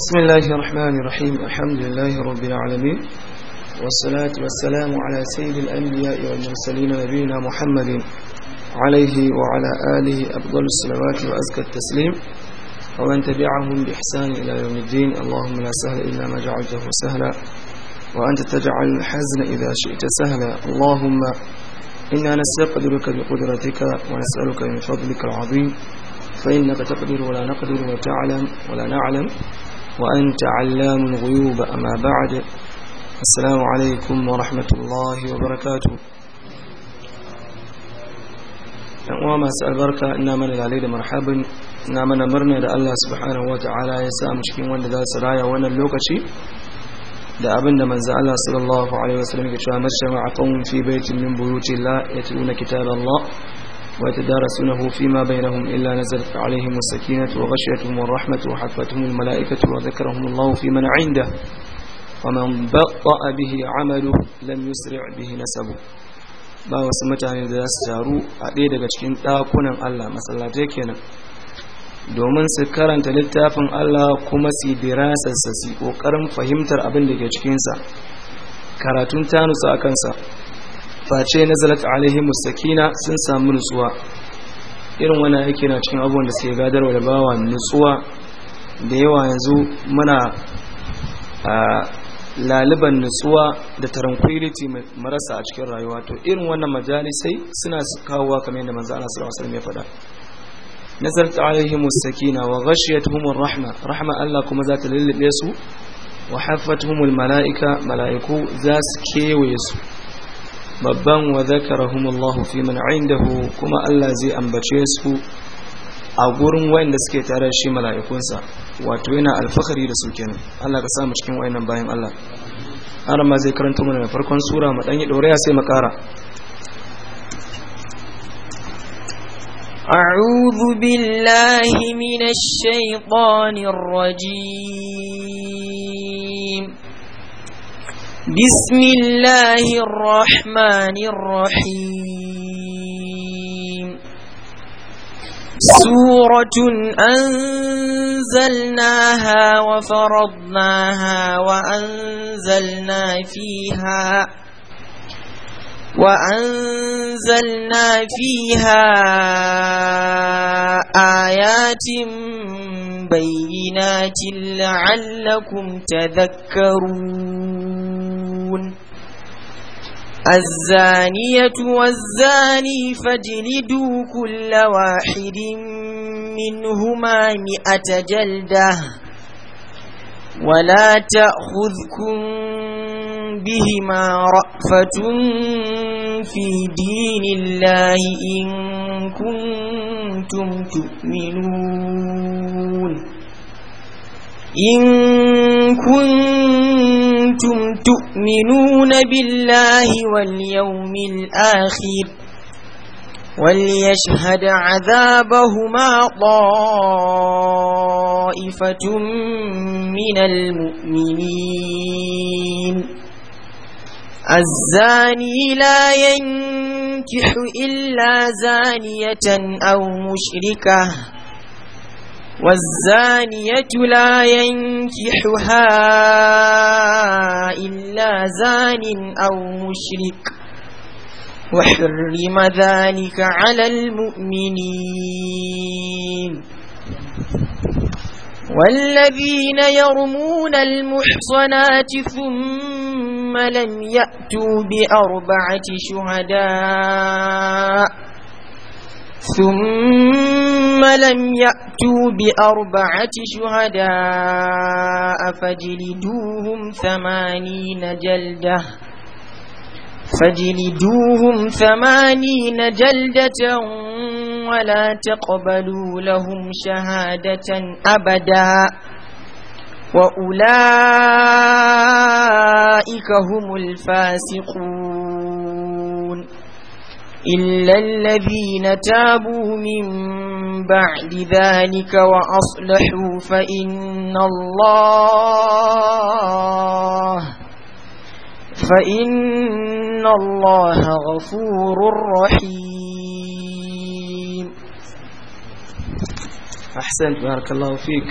بسم الله الرحمن الرحيم الحمد لله رب العالمين والصلاة والسلام على سيد الأنبياء والمرسلين نبينا محمد عليه وعلى آله أفضل الصلوات وأزكى التسليم ومن تبعهم بإحسان إلى يوم الدين اللهم لا سهل إلا ما جعلته سهلا وأنت تجعل الحزن إذا شئت سهلا اللهم إنا نستقدرك بقدرتك ونسألك من فضلك العظيم فإنك تقدر ولا نقدر وتعلم ولا نعلم وأنت علام الغيوب أما بعد السلام عليكم ورحمة الله وبركاته وما سأل بركة إنا من مرحبا إنا من إلى الله سبحانه وتعالى يسام مشكين وأن ذا سرايا وأن اللوكشي da abin da manzo Allah sallallahu alaihi wasallam ya ce mashama qawm fi baitin min buyuti la yatluna kitab Allah ويتدارسونه فيما بينهم إلا نزلت عليهم السكينة وغشيتهم الرحمة وحفتهم الملائكة وذكرهم الله في من عنده ومن بطأ به عمله لم يسرع به نسبه ba wasu mutane da za su taru a ɗaya daga cikin ɗakunan Allah masallatai kenan domin su karanta littafin Allah kuma su dirasarsa su ƙoƙarin fahimtar abin da ke cikinsa karatun tanusa a kansa face nazalat alaihim musakina sun samu nutsuwa irin wannan yake na cikin abubuwan da suke gadarwa da bawa nutsuwa da yawa yanzu muna laliban nutsuwa da tranquility marasa a cikin rayuwa to irin wannan majalisai suna kawowa kamar yadda manzo Allah sallallahu alaihi wasallam ya faɗa nazarat alaihim musakina wa ghashiyatuhum rahma rahma Allah kuma za ta lullube su wa haffatuhum malaika malaiku za su kewaye su babban wa zakarahumullahu fi man indahu kuma Allah zai ambace su a gurin wayanda suke tare shi mala'ikunsa wato yana alfahari da su kenan Allah ka sa mu cikin wayannan bayan Allah har ma zai karanta mana da farkon sura mu dan yi sai mu kara أعوذ بالله من الشيطان الرجيم بسم الله الرحمن الرحيم سورة أنزلناها وفرضناها وأنزلنا فيها وأنزلنا فيها آيات بينات لعلكم تذكرون يعملون الزانية والزاني فاجلدوا كل واحد منهما مئة جلدة ولا تأخذكم بهما رأفة في دين الله إن كنتم تؤمنون إن كنتم تؤمنون بالله واليوم الآخر وليشهد عذابهما طائفة من المؤمنين الزاني لا ينكح إلا زانية أو مشركة والزانية لا ينكحها إلا زان أو مشرك وحرم ذلك على المؤمنين والذين يرمون المحصنات ثم لم يأتوا بأربعة شهداء ثم لم يأتوا بأربعة شهداء فجلدوهم ثمانين جلدة فجلدوهم ثمانين جلدة ولا تقبلوا لهم شهادة أبدا وأولئك هم الفاسقون إلا الذين تابوا من بعد ذلك وأصلحوا فإن الله فإن الله غفور رحيم أحسنت بارك الله فيك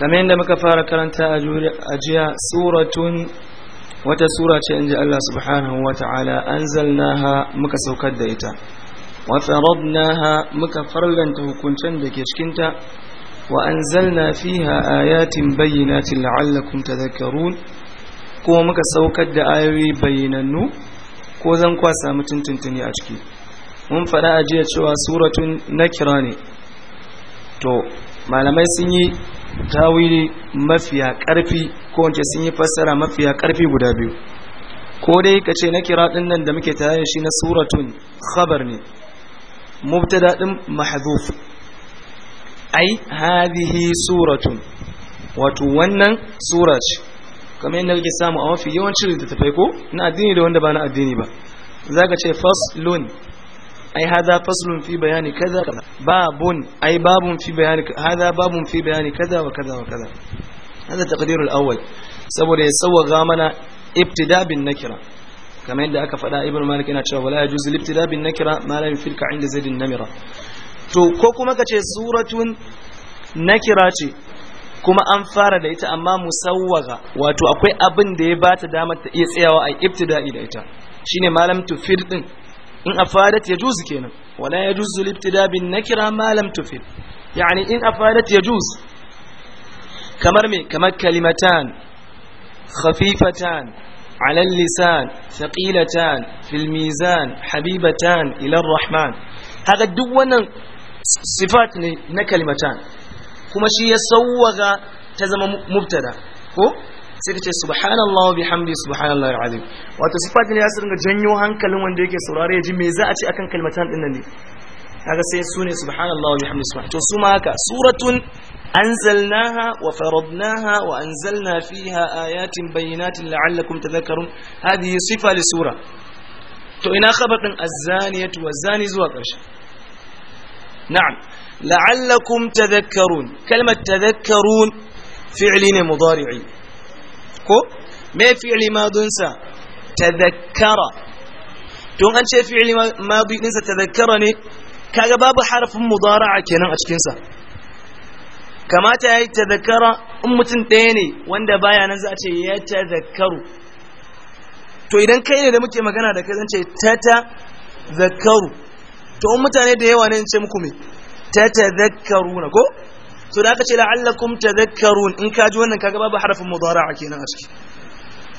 كمان لما كفارك كانت أجيا سورة wata sura ce inji Allah subhanahu wa ta'ala anzalnaha muka saukar da ita wata naha muka farlanta hukuncen da ke cikinta wa anzalna fiha ayatin bayyinatin la'allakum tadhakkarun kuma muka saukar da ayoyi bayyanannu ko zan kwasa mutun tuntuni a ciki mun faɗa ajiya cewa suratun nakira ne to malamai sun yi tawili mafiya karfi ko wace sun yi fassara mafiya karfi guda biyu ko dai ka ce na kira din nan da muke tare shi na suratun khabar ne mubtada din mahdhuf ai hadhihi suratun wato wannan sura ce kamar yadda kake samu a mafi yawancin littattafai ko na addini da wanda ba na addini ba zaka ce faslun ai hada faslun fi bayani kaza babun ai babun fi bayani hada babun fi bayani kaza wa kaza wa kaza hada taqdirul awwal saboda ya sawwaga mana ibtida bin nakira kamar yadda aka faɗa ibn malik yana cewa wala yajuz libtida bin nakira ma la yufilka inda zaidin to ko kuma kace suratun nakira ce kuma an fara da ita amma musawwaga wato akwai abin da ya bata damar ta iya tsayawa a ibtida'i da ita shine malam tufir din in afadat ya juz kenan wala ya juz libtida bin nakira ma lam tufid yani in afadat ya juz kamar me kamar kalimatan khafifatan ala lisan thaqilatan fil habibatan ila arrahman hada duk wannan sifat ne na kalimatan kuma shi ya sawwaga ta zama mubtada ko sai ka ce subhanallah wa bihamdi subhanallah alazim wato sifa ne ya dinga janyo hankalin wanda yake saurare ya ji me za a ce akan kalmatan din nan ne kaga sai su ne subhanallah wa bihamdi subhanallah to su ma haka suratun anzalnaha wa faradnaha wa anzalna fiha ayatin bayyinatin la'allakum tadhakkarun hadhihi sifa li sura to ina khabar din az-zaniyatu waz-zani zuwa ƙarshe na'am la'allakum tadhakkarun kalmar tadhakkarun fi'li ne mudari'i ko me fi'li madunsa tadhakkara don an ce fi'li madunsa tadhakkara ne kaga babu harfin mudara'a kenan a cikin sa kamata yayi tadhakkara in mutum ɗaya ne wanda baya nan za a ce ya tadhakkaru to idan kai ne da muke magana da kai zan ce tata zakaru to mutane da yawa ne in ce muku me tata Zakaru na ko to da aka ce la'allakum tadhakkarun in ka ji wannan kaga babu harafin mudara'a kenan a ciki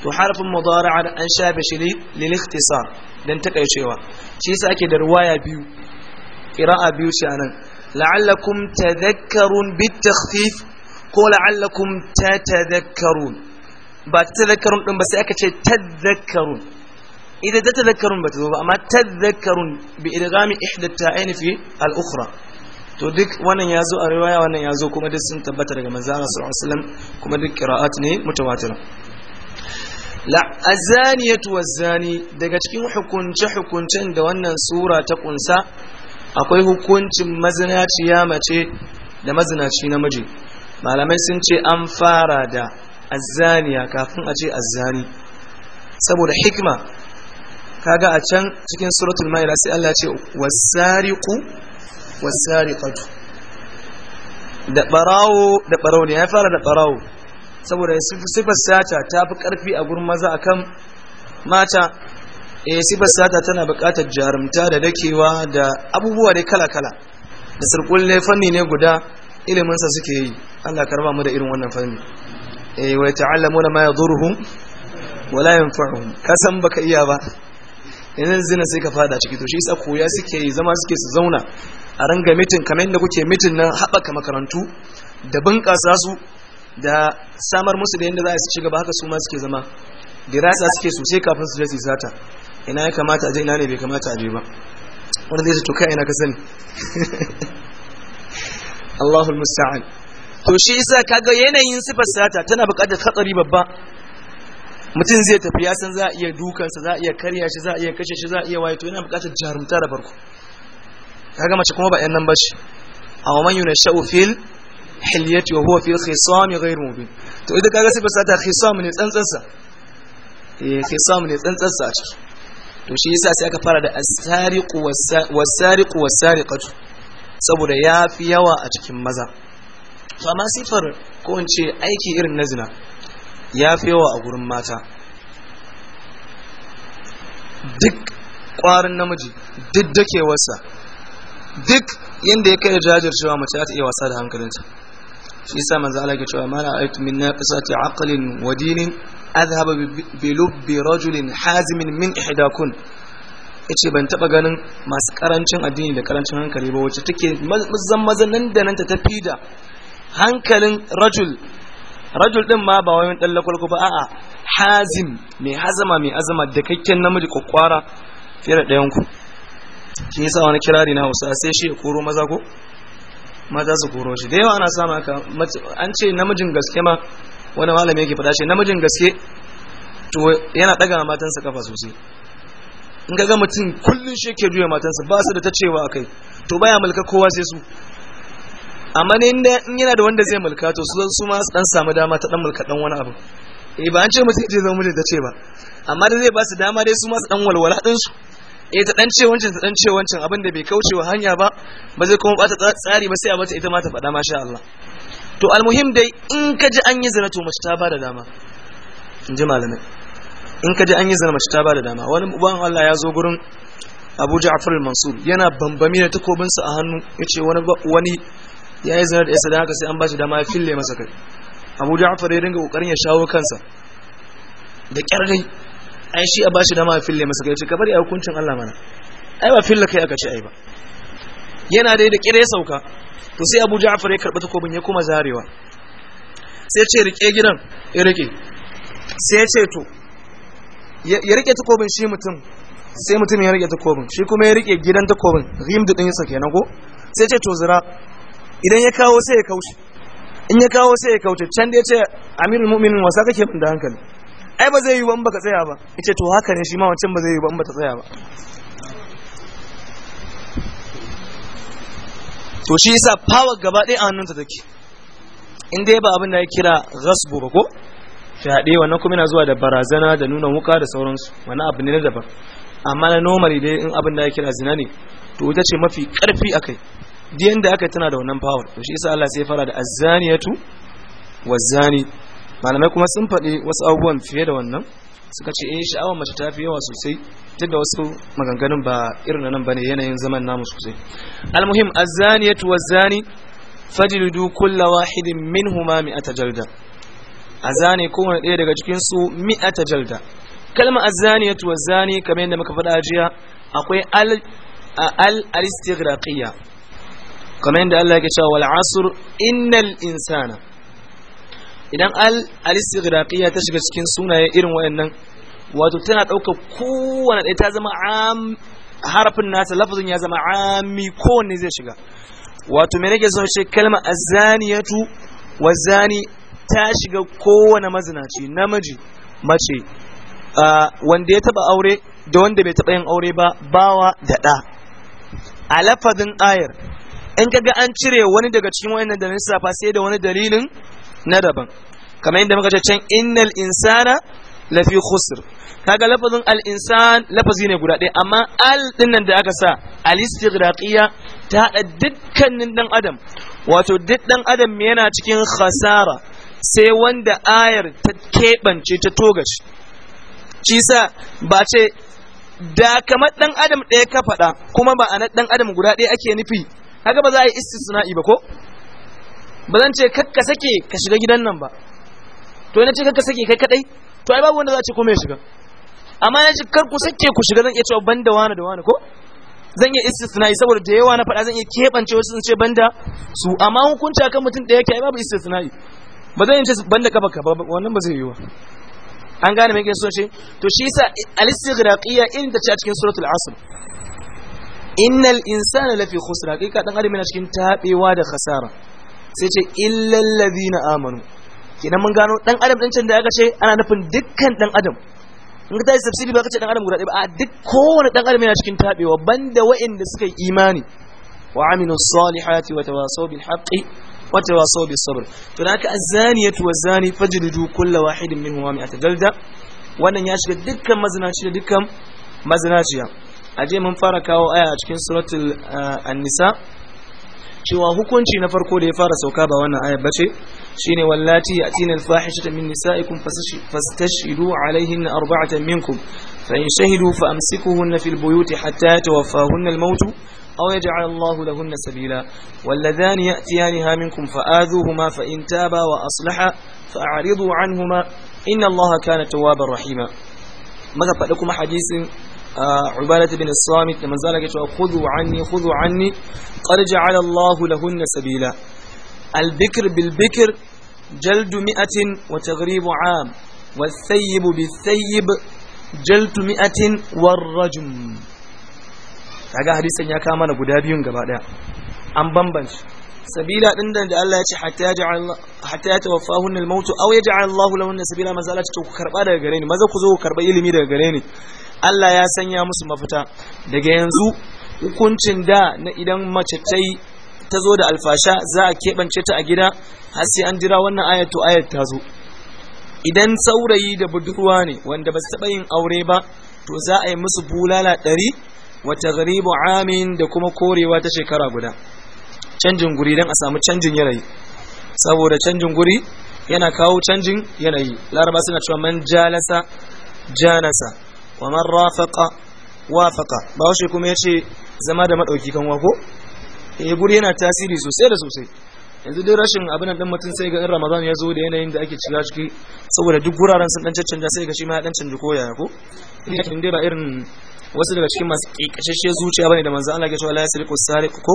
to harafin mudara'a da an shafe shi lil ikhtisar dan takaicewa shi yasa ake da riwaya biyu qira'a biyu ce anan la'allakum tadhakkarun bit takhfif ko la'allakum tatadhakkarun ba tadhakkarun din ba sai aka ce tadhakkarun idan tadhakkarun ba ta zo ba amma tadhakkarun bi idghami ihda ta'ain fi al-ukhra to duk wannan ya zo a riwaya wannan ya zo kuma duk sun tabbata daga manzo Allah sallallahu alaihi wasallam kuma duk qira'at ne mutawatir la azaniyatu wazani daga cikin hukunce hukuncen da wannan sura ta kunsa akwai hukuncin mazinaciya mace da mazinaci namiji malamai sun ce an fara da azaniya kafin a ce azani saboda ka kaga a can cikin suratul ma'ida sai Allah ya ce wasariqu wasariqatu da barawo da barawo ne ya fara da barawo saboda sifar sata ta fi karfi a gurin maza akan mata eh sifar sata tana buƙatar jarumta da dakewa da abubuwa dai kala-kala da ne fanni ne guda iliminsa suke yi Allah karba mu da irin wannan fanni eh wa ta'allamuna ma wa wala yanfa'uhum kasan baka iya ba yanzu zina sai ka fada ciki to shi isa koya suke yi zama suke su zauna a ranga mitin kamar yadda kuke mitin na haɓaka makarantu da bunƙasa su da samar musu da yadda za a su shiga ba haka su ma suke zama dirasa suke sosai kafin su je sata ina ya kamata a je ina ne bai kamata a je ba wanda zai tuka kai ina ka sani Allahul musta'an to shi yasa kaga yanayin sifar sata tana buƙatar hatsari babba mutum zai tafi ya san za a iya dukansa za a iya karya shi za a iya kashe shi za a iya waye to yana buƙatar jarumta da farko kaga mace kuma ba yan nan bace amma man sha'u fil hilyati wa huwa fi khisam ghayr mubin to idan kaga sifar sata khisam ne tsantsansa eh khisam ne tsantsansa a ciki to shi yasa sai aka fara da as-sariqu was-sariqu was-sariqatu saboda yafi yawa a cikin maza to amma sifar ko in ce aiki irin na zina yafi yawa a gurin mata duk kwarin namiji duk dakewarsa duk yadda ya kai cewa mace za ta iya wasa da hankalinta shi sa manzo Allah ke cewa mana aitu min naqisati aqlin wa dinin azhaba bi lubbi rajulin hazimin min ihdakun yace ban taba ganin masu karancin addini da karancin hankali ba wacce take mazan mazan nan da nan ta tafi da hankalin rajul rajul din ma ba wani dan lakwalko ba a'a hazim mai hazama mai azama da kakken namiji kwakwara fiye da ɗayan ku shi yasa wani kirari na Hausa sai shi ya koro maza ko maza su koro shi da yawa ana samu haka an ce namijin gaske ma wani malami yake faɗa shi namijin gaske to yana daga matansa kafa sosai in ga mutum kullun shi yake juya matansa ba su da ta cewa kai to baya mulka kowa sai su amma ne in yana da wanda zai mulka to su su ma dan samu dama ta dan mulka dan wani abu eh ba an ce mutum zai zama mijin ta ce ba amma da zai ba su dama dai su ma su dan walwala din su eh ta dan ce wancan ta dan ce wancan da bai kauce wa hanya ba ba zai kuma bata tsari ba sai a mata ita ma ta faɗa masha Allah to almuhim dai in ka ji an yi zina to mace ta bada dama in ji malamai in ka ji an yi zina mace ta bada dama wani uban Allah ya zo gurin Abu Ja'far al-Mansur yana bambami da takobinsa a hannu yace wani wani ya yi zina da yasa da haka sai an ba shi dama ya fille masa kai Abu Ja'far ya dinga kokarin ya shawo kansa da kyar dai ai shi a bashi dama a fille masa kai ce ka bari a hukuncin Allah mana ai ba fille kai aka ce ai ba yana dai da kire ya sauka to sai Abu Ja'far ya karɓi takobin ya kuma zarewa sai ce rike gidan ya rike sai ya ce to ya rike takobin shi mutum sai mutum ya rike takobin shi kuma ya rike gidan takobin rim din yasa kenan ko sai ce to zira idan ya kawo sai ya kaushe in ya kawo sai ya kauce can da ya ce amirul mu'minin wasa kake min da hankali ai ba zai yi ba in baka tsaya ba yace to haka ne shi ma wancan ba zai yi ba in ta tsaya ba to shi yasa power gaba ɗaya a hannunta take in dai ba abin da ya kira gasbu ba ko fyaɗe wannan kuma yana zuwa da barazana da nuna wuka da sauransu wani abu ne na daban amma na nomari dai in abin da ya kira zina ne to ita ce mafi ƙarfi a kai diyan da aka tana da wannan power to shi isa Allah sai fara da azzaniyatu wa zani malamai kuma sun faɗi wasu abubuwan fiye da wannan suka ce in eh, sha'awar mace ta fi yawa sosai duk da wasu maganganun ba irin nan bane yanayin zaman namu sosai almuhim az wazani, waz-zani kulla wahidin minhuma mi'ata jalda azani kowane ɗaya daga cikin su mi'ata jalda kalma az wazani, zani kamar yadda muka faɗa jiya akwai al al-istighraqiyya kamar yadda Allah yake cewa wal asr innal insana idan al-istighraqiyya ta shiga cikin sunaye irin wayannan wato tana ɗaukar kowanne ɗaya ta zama am harafin nasa lafazin ya zama ammi kowanne zai shiga wato me nake son ce kalma azaniyatu wazani ta shiga kowane mazinaci namiji mace wanda ya taba aure da wanda bai taba yin aure ba bawa da ɗa a lafazin ayar in kaga an cire wani daga cikin wayannan da lissafa sai da wani dalilin na daban kamar yadda muka ce can innal insana lafi khusr kaga lafazin al insan lafazi ne guda ɗaya amma al dinnan da aka sa al istighraqiya ta hada dukkanin dan adam wato duk dan adam yana cikin khasara sai wanda ayar ta keɓance ta togashi shi sa ba ce da kamar dan adam ɗaya ka faɗa kuma ba a dan adam guda ɗaya ake nufi haka ba za a yi istisna'i ba ko ba zan ce kakka sake ka shiga gidan nan ba to ina ce kakka sake kai kadai to ai babu wanda za a ce kuma ya shiga amma ina ce kar ku sake ku shiga zan iya cewa banda wani da wani ko zan iya istisna yi saboda da yawa na faɗa zan iya keɓance wasu sun ce banda su amma hukunci akan mutum ɗaya ke ai babu istisna yi ba zan iya ce banda ka baka ba wannan ba zai yi ba an gane mai gaisuwa ce to shi yasa al-istighraqiyya irin ta ce a cikin suratul asr innal insana lafi kai ka dan adam yana cikin tabewa da khasara sai ce illal na amanu kenan mun gano dan adam din can da aka ce ana nufin dukkan dan adam in ka tashi tafsiri ba ka ce dan adam guda ɗaya ba a duk kowane dan adam yana cikin tabewa banda wa'inda suka yi imani wa aminu salihati wa tawasaw bil haqqi wa tawasaw bis sabr to da haka azaniyatu wazani fajlidu kull wahidin minhum mi'ata jalda wannan ya shiga dukkan mazinaci da dukkan mazinaciya aje mun fara kawo aya a cikin suratul uh, an-nisa cewa hukunci na farko da ya fara sauka ba wannan ayar bace shine wallati yatina alfahishata min nisaikum fastashhidu alaihinna arba'atan minkum fa in shahidu fa amsikuhunna fil buyuti hatta tawaffahunna almaut aw yaj'al Allah lahunna sabila walladhan ya'tiyaniha minkum fa'adhuhuma fa in taba wa aslaha fa'ridu anhuma inna Allah kana tawwabar rahima maka fada kuma hadisin ubalata bin samit da manzala ke cewa khudhu anni khudhu anni qad ja'ala Allah lahunna sabila al bikr bil bikr jaldu mi'atin wa taghribu 'am was sayyib bis sayyib jaldu mi'atin war rajm kaga hadisin ya kama na guda biyun gaba daya an bambance sabila din da Allah ya ce hatta yaj'al hatta yatawaffahun al-maut aw sabila maza ce ku karba daga gare ni maza ku zo ku karba ilimi daga gare ni Allah ya sanya musu mafita daga yanzu hukuncin da na idan mace ta ta zo da alfasha za a keɓance ta a gida har sai an jira wannan ayatu ayat ta zo idan saurayi da budurwa ne wanda ba su taɓa yin aure ba to za a yi musu bulala ɗari wata garibu amin da kuma korewa ta shekara guda canjin guri don a samu canjin yanayi saboda canjin guri yana kawo canjin yanayi laraba suna cewa man jalasa janasa wa man rafaqa wafaqa ba washe kuma yace zama da madauki kan wako eh guri yana tasiri sosai da sosai yanzu duk rashin abin nan mutum sai ga in ramadan ya zo da yanayin da ake cika ciki saboda duk guraren sun dan caccanja sai ga shi ma ya dan canji koya ko in dai ba irin wasu daga cikin masu kikashashe zuciya bane da manzo Allah ya ce wala yasriqu sariqu ko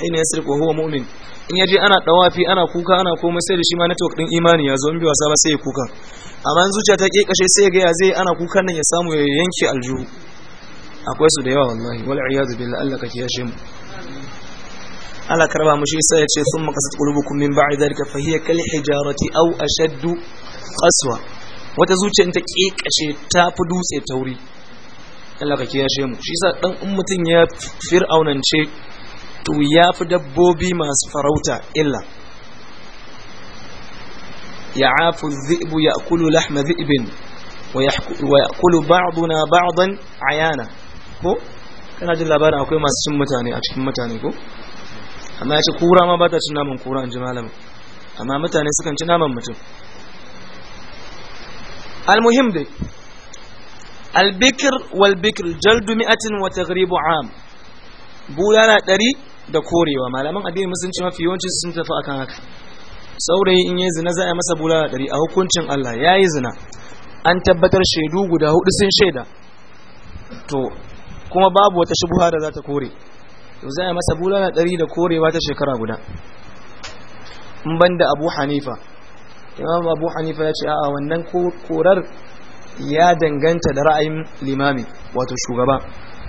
hina yasriku huwa mu'min in yaje ana dawafi ana kuka ana komai sai da shi ma network din imani ya zo in bi wasa ba sai ya kuka amma in zuciya ta kekashe sai ga ya zai ana kukan nan ya samu ya yanke aljuhu akwai su da yawa wallahi wal iyadu billahi Allah ka ya mu Allah karba mu shi sai ya ce summa qasat qulubukum min ba'd dhalika fa hiya kal hijarati aw ashadd qaswa wata zuciya in ta kekashe ta fi dutse tauri Allah ka ya mu shi sa dan in mutun ya fir'aunance to ya fi dabbobi masu farauta illa ya afu zibu ya kulu lahma zibin wa ya kulu ba'duna ba'dan ayana ko kana jin labarin akwai masu cin mutane a cikin mutane ko amma ya ce kura ma ba ta cin naman kura in ji malamin amma mutane sukan ci naman mutum almuhim dai albikir walbikir jaldu mi'atin wa taghribu am bulala ɗari da korewa malaman addinin musulunci mafi yawanci sun tafi akan haka saurayi in yayi zina za a masa da dari a hukuncin Allah yayi zina an tabbatar shaidu guda hudu sun shaida to kuma babu wata shubuha da za ta kore to za a masa da dari da korewa ta shekara guda in banda Abu Hanifa Imam Abu Hanifa ya ce a wannan korar ya danganta da ra'ayin limami wato shugaba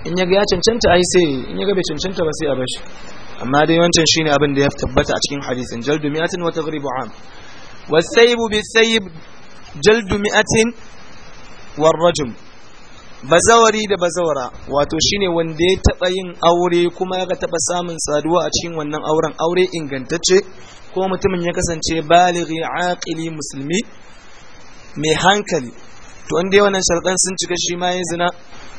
in yaga ya cancanta ai sai in yaga bai cancanta ba sai a bashi amma dai wancan shine abin da ya tabbata a cikin hadisin jaldu mi'atin wa taghribu am bi bisayb jaldu mi'atin war rajm bazawari da bazawara wato shine wanda ya taba yin aure kuma ya taba samun saduwa a cikin wannan auren aure ingantacce ko mutumin ya kasance balighi aqili musulmi mai hankali to inda wannan sharɗan sun cika shi ma ya zina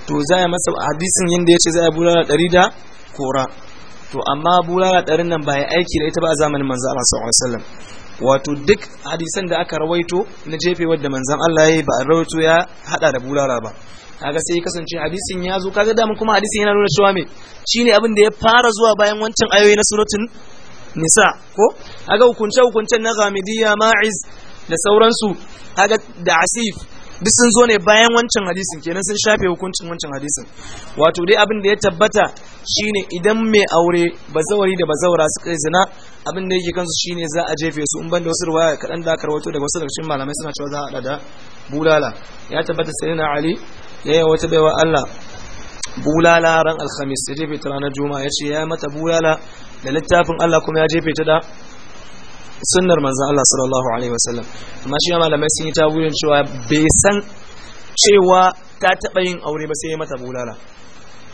to za a masa hadisin yadda ya ce za a bulala ɗari da kora to amma bulala ɗarin nan ba ya aiki da ita ba a zamanin manzan Allah sallallahu alaihi wasallam wato duk hadisan da aka rawaito na jefe wadda manzan Allah ya yi ba a rawaito ya hada da bulala ba kaga sai kasance hadisin ya zo kaga dama kuma hadisin yana nuna cewa me shine abin da ya fara zuwa bayan wancan ayoyi na suratul nisa ko kaga hukunce hukuncen na ghamidiyya ma'iz da sauransu kaga da asif duk sun zo ne bayan wancan hadisin kenan sun shafe hukuncin wancan hadisin wato dai abin da ya tabbata shine idan mai aure bazawari da bazawara suka zina abin da yake kansu shine za a jefe su in ban da wasu ruwaya kaɗan da aka rawato daga wasu daga cikin malamai suna cewa za a haɗa da bulala ya tabbata sai na ali ya yi wata baiwa allah bulala ran alhamis ya jefe ta ranar juma'a ya ce ya mata bulala da littafin allah kuma ya jefe ta da sunnar manzan Allah sallallahu alaihi wasallam amma shi malamai sun yi wuyan cewa bai san cewa ta taɓa yin aure ba sai ya mata bulala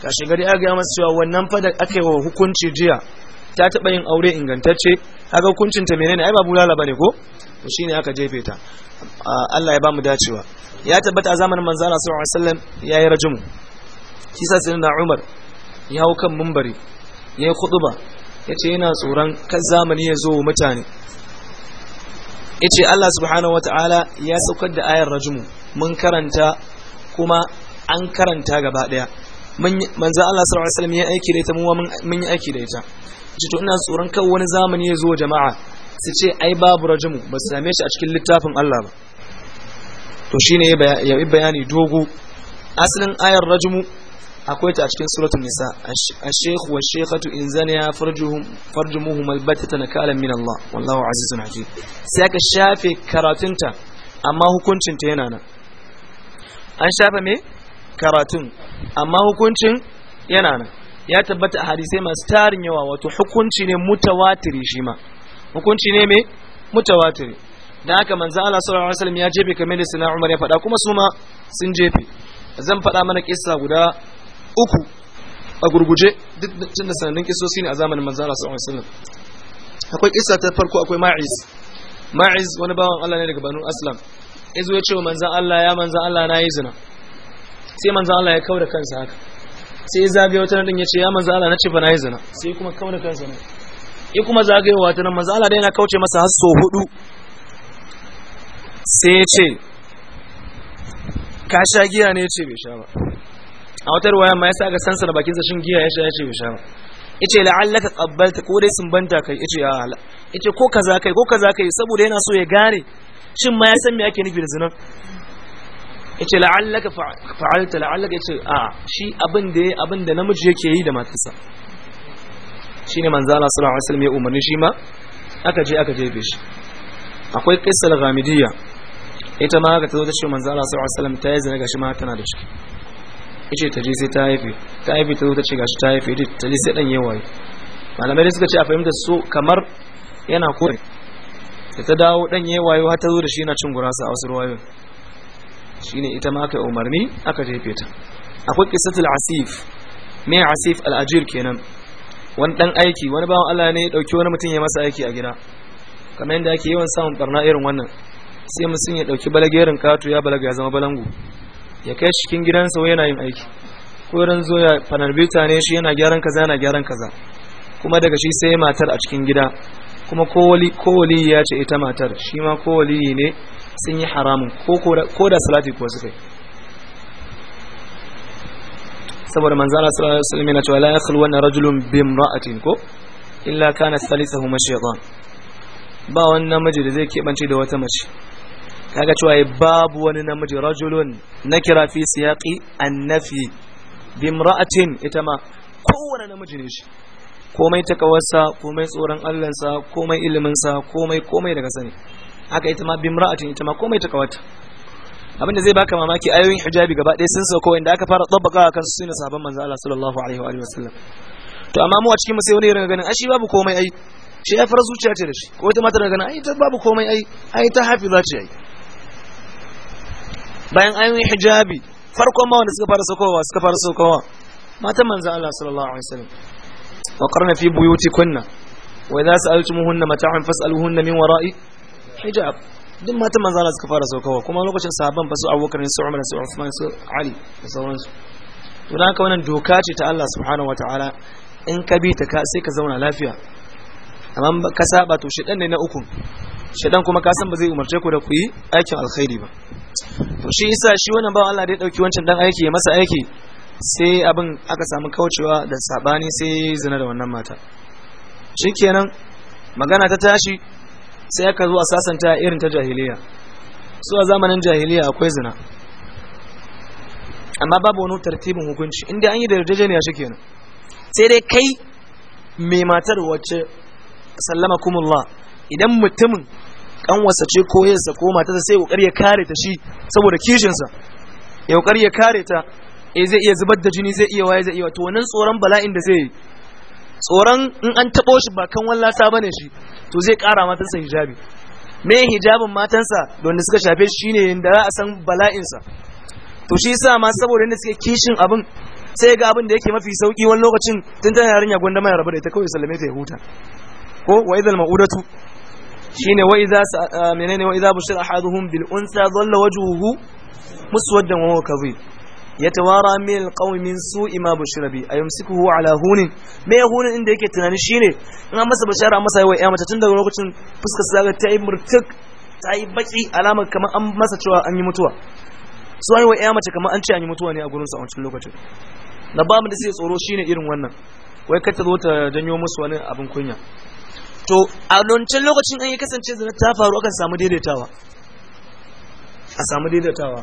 kashi gari aka gaya masu cewa wannan fadar ake aka wa hukunci jiya ta taɓa yin aure ingantacce haka hukuncin ta menene ai ba bulala ne ko to shine aka jefe ta Allah ya bamu dacewa ya tabbata a zamanin manzo Allah sallallahu alaihi wasallam yayi rajumu kisa sayyidina Umar ya hau kan minbari yayi khutba ce yana tsoron kan zamani ya zo mutane ce Allah subhanahu ta'ala ya saukar da ayar rajumu mun karanta kuma an karanta gaba daya manzo Allah sallallahu alaihi wasallam ya aiki da ita mu mun yi aiki da ita ce to ina tsoron kan wani zamani ya zo jama'a su ce ai babu rajumu ba su same shi a cikin littafin Allah ba to shine ya yi bayani dogo asalin ayar rajumu akwai ta a cikin suratul nisa ash-shaykh wa shaykhatu in zaniya farjuhum farjumuhum albatatan nakala min Allah wallahu azizun hakim sai aka shafe karatunta amma hukuncin ta yana nan an shafe me karatun amma hukuncin yana nan ya tabbata a hadisai masu tarin yawa wato hukunci ne mutawatiri shi ma hukunci ne me mutawatiri da haka manzo Allah sallallahu alaihi wasallam ya jefe kamar da sunan Umar ya faɗa kuma su ma sun jefe zan faɗa mana kissa guda uku a gurguje duk tun da sanannun kisosi ne a zamanin manzara sallallahu alaihi akwai kisa ta farko akwai ma'iz ma'iz wani bawan Allah ne daga banu aslam yazo ya ce wa manzan Allah ya manzan Allah na yi zina sai manzan Allah ya da kansa haka sai ya zagaye wata nan ya ce ya manzan Allah na ce ba na yi zina sai kuma da kansa ne ya kuma zagaye wata nan manzan Allah da yana kauce masa har so hudu sai ya ce ka sha giya ne ya ce bai sha ba a wata ruwaya ma yasa ga sansa da bakinsa shin giya ya sha ya ce ya sha yace la'allaka qabbalta ko dai sun banta kai yace ya hala yace ko kaza kai ko kaza kai saboda yana so ya gane shin ma ya san me ake nufi da zinan yace la'allaka fa'alta la'allaka yace a shi abin da abin da namiji yake yi da matarsa shine manzo Allah sallallahu alaihi wasallam ya umarni shi ma aka je aka jefe shi akwai qissal ghamidiyya ita ma ga tazo da shi manzo Allah sallallahu alaihi wasallam ta yi zina ga shi ma tana da ciki yace ta je sai ta haife ta haife ta zo ta ce gashi ta haife yace ta je sai dan yayi wayo malamai dai suka ce a fahimta so kamar yana kore da ta dawo dan yayi wayo har ta zo da shi yana cin gurasa a wasu ruwayoyin shine ita ma aka umarni aka jefe ta akwai qissatul asif mai asif al-ajir kenan wani dan aiki wani bawan Allah ne ya dauki wani mutum ya masa aiki a gida kamar yadda ake yawan samun barna irin wannan sai mutum ya dauki balagerin katu ya balaga ya zama balangu ya kai cikin gidansa wai yana yin aiki ko ran zo ya bita ne shi yana gyaran kaza yana gyaran kaza kuma daga shi sai matar a cikin gida kuma kowali ya ce ita matar shi ma kowali ne sun yi haramun ko da salati ko suka yi saboda Allah sallallahu alaihi wasallam yana cewa la yakhlu wa rajulun bi imra'atin ko illa kana salisahu mashaytan ba wannan namiji da zai kebance da wata mace kaga cewa babu wani namiji rajulun nakira fi siyaqi annafi bimra'atin ita ma kowane namiji ne shi komai takawarsa komai tsoron allansa komai iliminsa komai komai daga sani haka ita ma bimra'atin ita ma komai takawarta abinda zai baka mamaki ayoyin hijabi gaba ɗaya sun sauko inda aka fara tabbaka kan su ne sabon manzo Allah sallallahu alaihi wa alihi wasallam to amma mu a cikin mu sai wani irin ganin ashi babu komai ai shi ya fara zuciya ce da shi ko ita ma ta ganin ai ta babu komai ai ai ta hafiza ce ai bayan an yi hijabi farkon ma wanda suka fara saukowa suka fara saukowa matan manzan Allah sallallahu alaihi wasallam wa qarna fi buyutikunna wa idza sa'altumuhunna mata'an fas'aluhunna min wara'i hijab duk matan manzan Allah suka fara saukowa kuma lokacin sahabban fa su Abubakar su Umar su Uthman su Ali da sauransu to dan haka wannan doka ce ta Allah subhanahu wataala in ka bi ta ka, sai ka zauna lafiya amma ka saba to shedan ne na uku shedan kuma ka san ba zai umarce ku da ku yi aikin alkhairi ba to shi yasa shi wannan bawan Allah da ya dauki wancan dan aiki ya masa aiki sai abin aka samu kaucewa da sabani sai zina da wannan mata kenan magana ta tashi sai aka zo a sasanta irin ta jahiliya su a zamanin jahiliya akwai zina amma babu wani tartibin hukunci inda an yi da yarjejeniya kenan. sai dai kai mai matar wacce sallama kumullah idan mutumin kanwarsa ce ko yansa ko matarsa sai kokari ya kare ta shi saboda kishinsa ya kokari ya kare ta eh zai iya zubar da jini zai iya waye zai iya to wannan tsoron bala'in da zai yi tsoron in an tabo shi ba kan wallata bane shi to zai kara matarsa hijabi me hijabin matansa da wanda suka shafe shi shine inda za a san bala'insa to shi yasa ma saboda inda suke kishin abin sai ga abin da yake mafi sauki wani lokacin tun tana yarinya gwanda mai rabu da ita kawai sallame ta ya huta ko wa idal ma'udatu shine wa idza menene wa idza bushira ahaduhum bil unsa dhalla wajhuhu muswaddan wa huwa kadhib yatawara min qawmi min su'i ma bushira bi ayumsikuhu ala hunin me hunin inda yake tunani shine in an masa an masa yawa ya mata tun daga lokacin fuska sa ta yi murtuk ta yi baki alama kamar an masa cewa an yi mutuwa su ayi wa ya mace kamar an ce an yi mutuwa ne a gurin sa a wancan lokacin na ba mu da sai tsoro shine irin wannan wai ka ta zo ta janyo musu wani abin kunya to a lancin lokacin an yi kasance zina ta faru akan samu daidaitawa a samu daidaitawa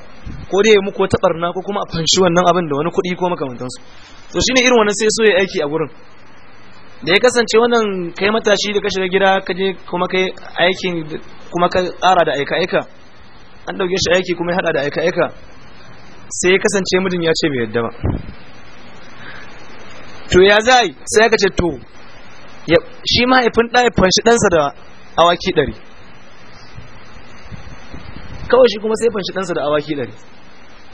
ko dai muku wata barna ko kuma a fanshi wannan abin da wani kuɗi ko makamantansu to shine irin wannan sai so ya aiki a gurin da ya kasance wannan kai matashi da ka shiga gida ka je kuma kai aikin kuma ka ƙara da aika aika an ɗauke shi aiki kuma ya haɗa da aika aika sai ya kasance mijin ya ce bai yadda ba to ya za sai ka ce to shi mahaifin ɗaya fanshi ɗansa da awaki ɗari kawai shi kuma sai fanshi ɗansa da awaki ɗari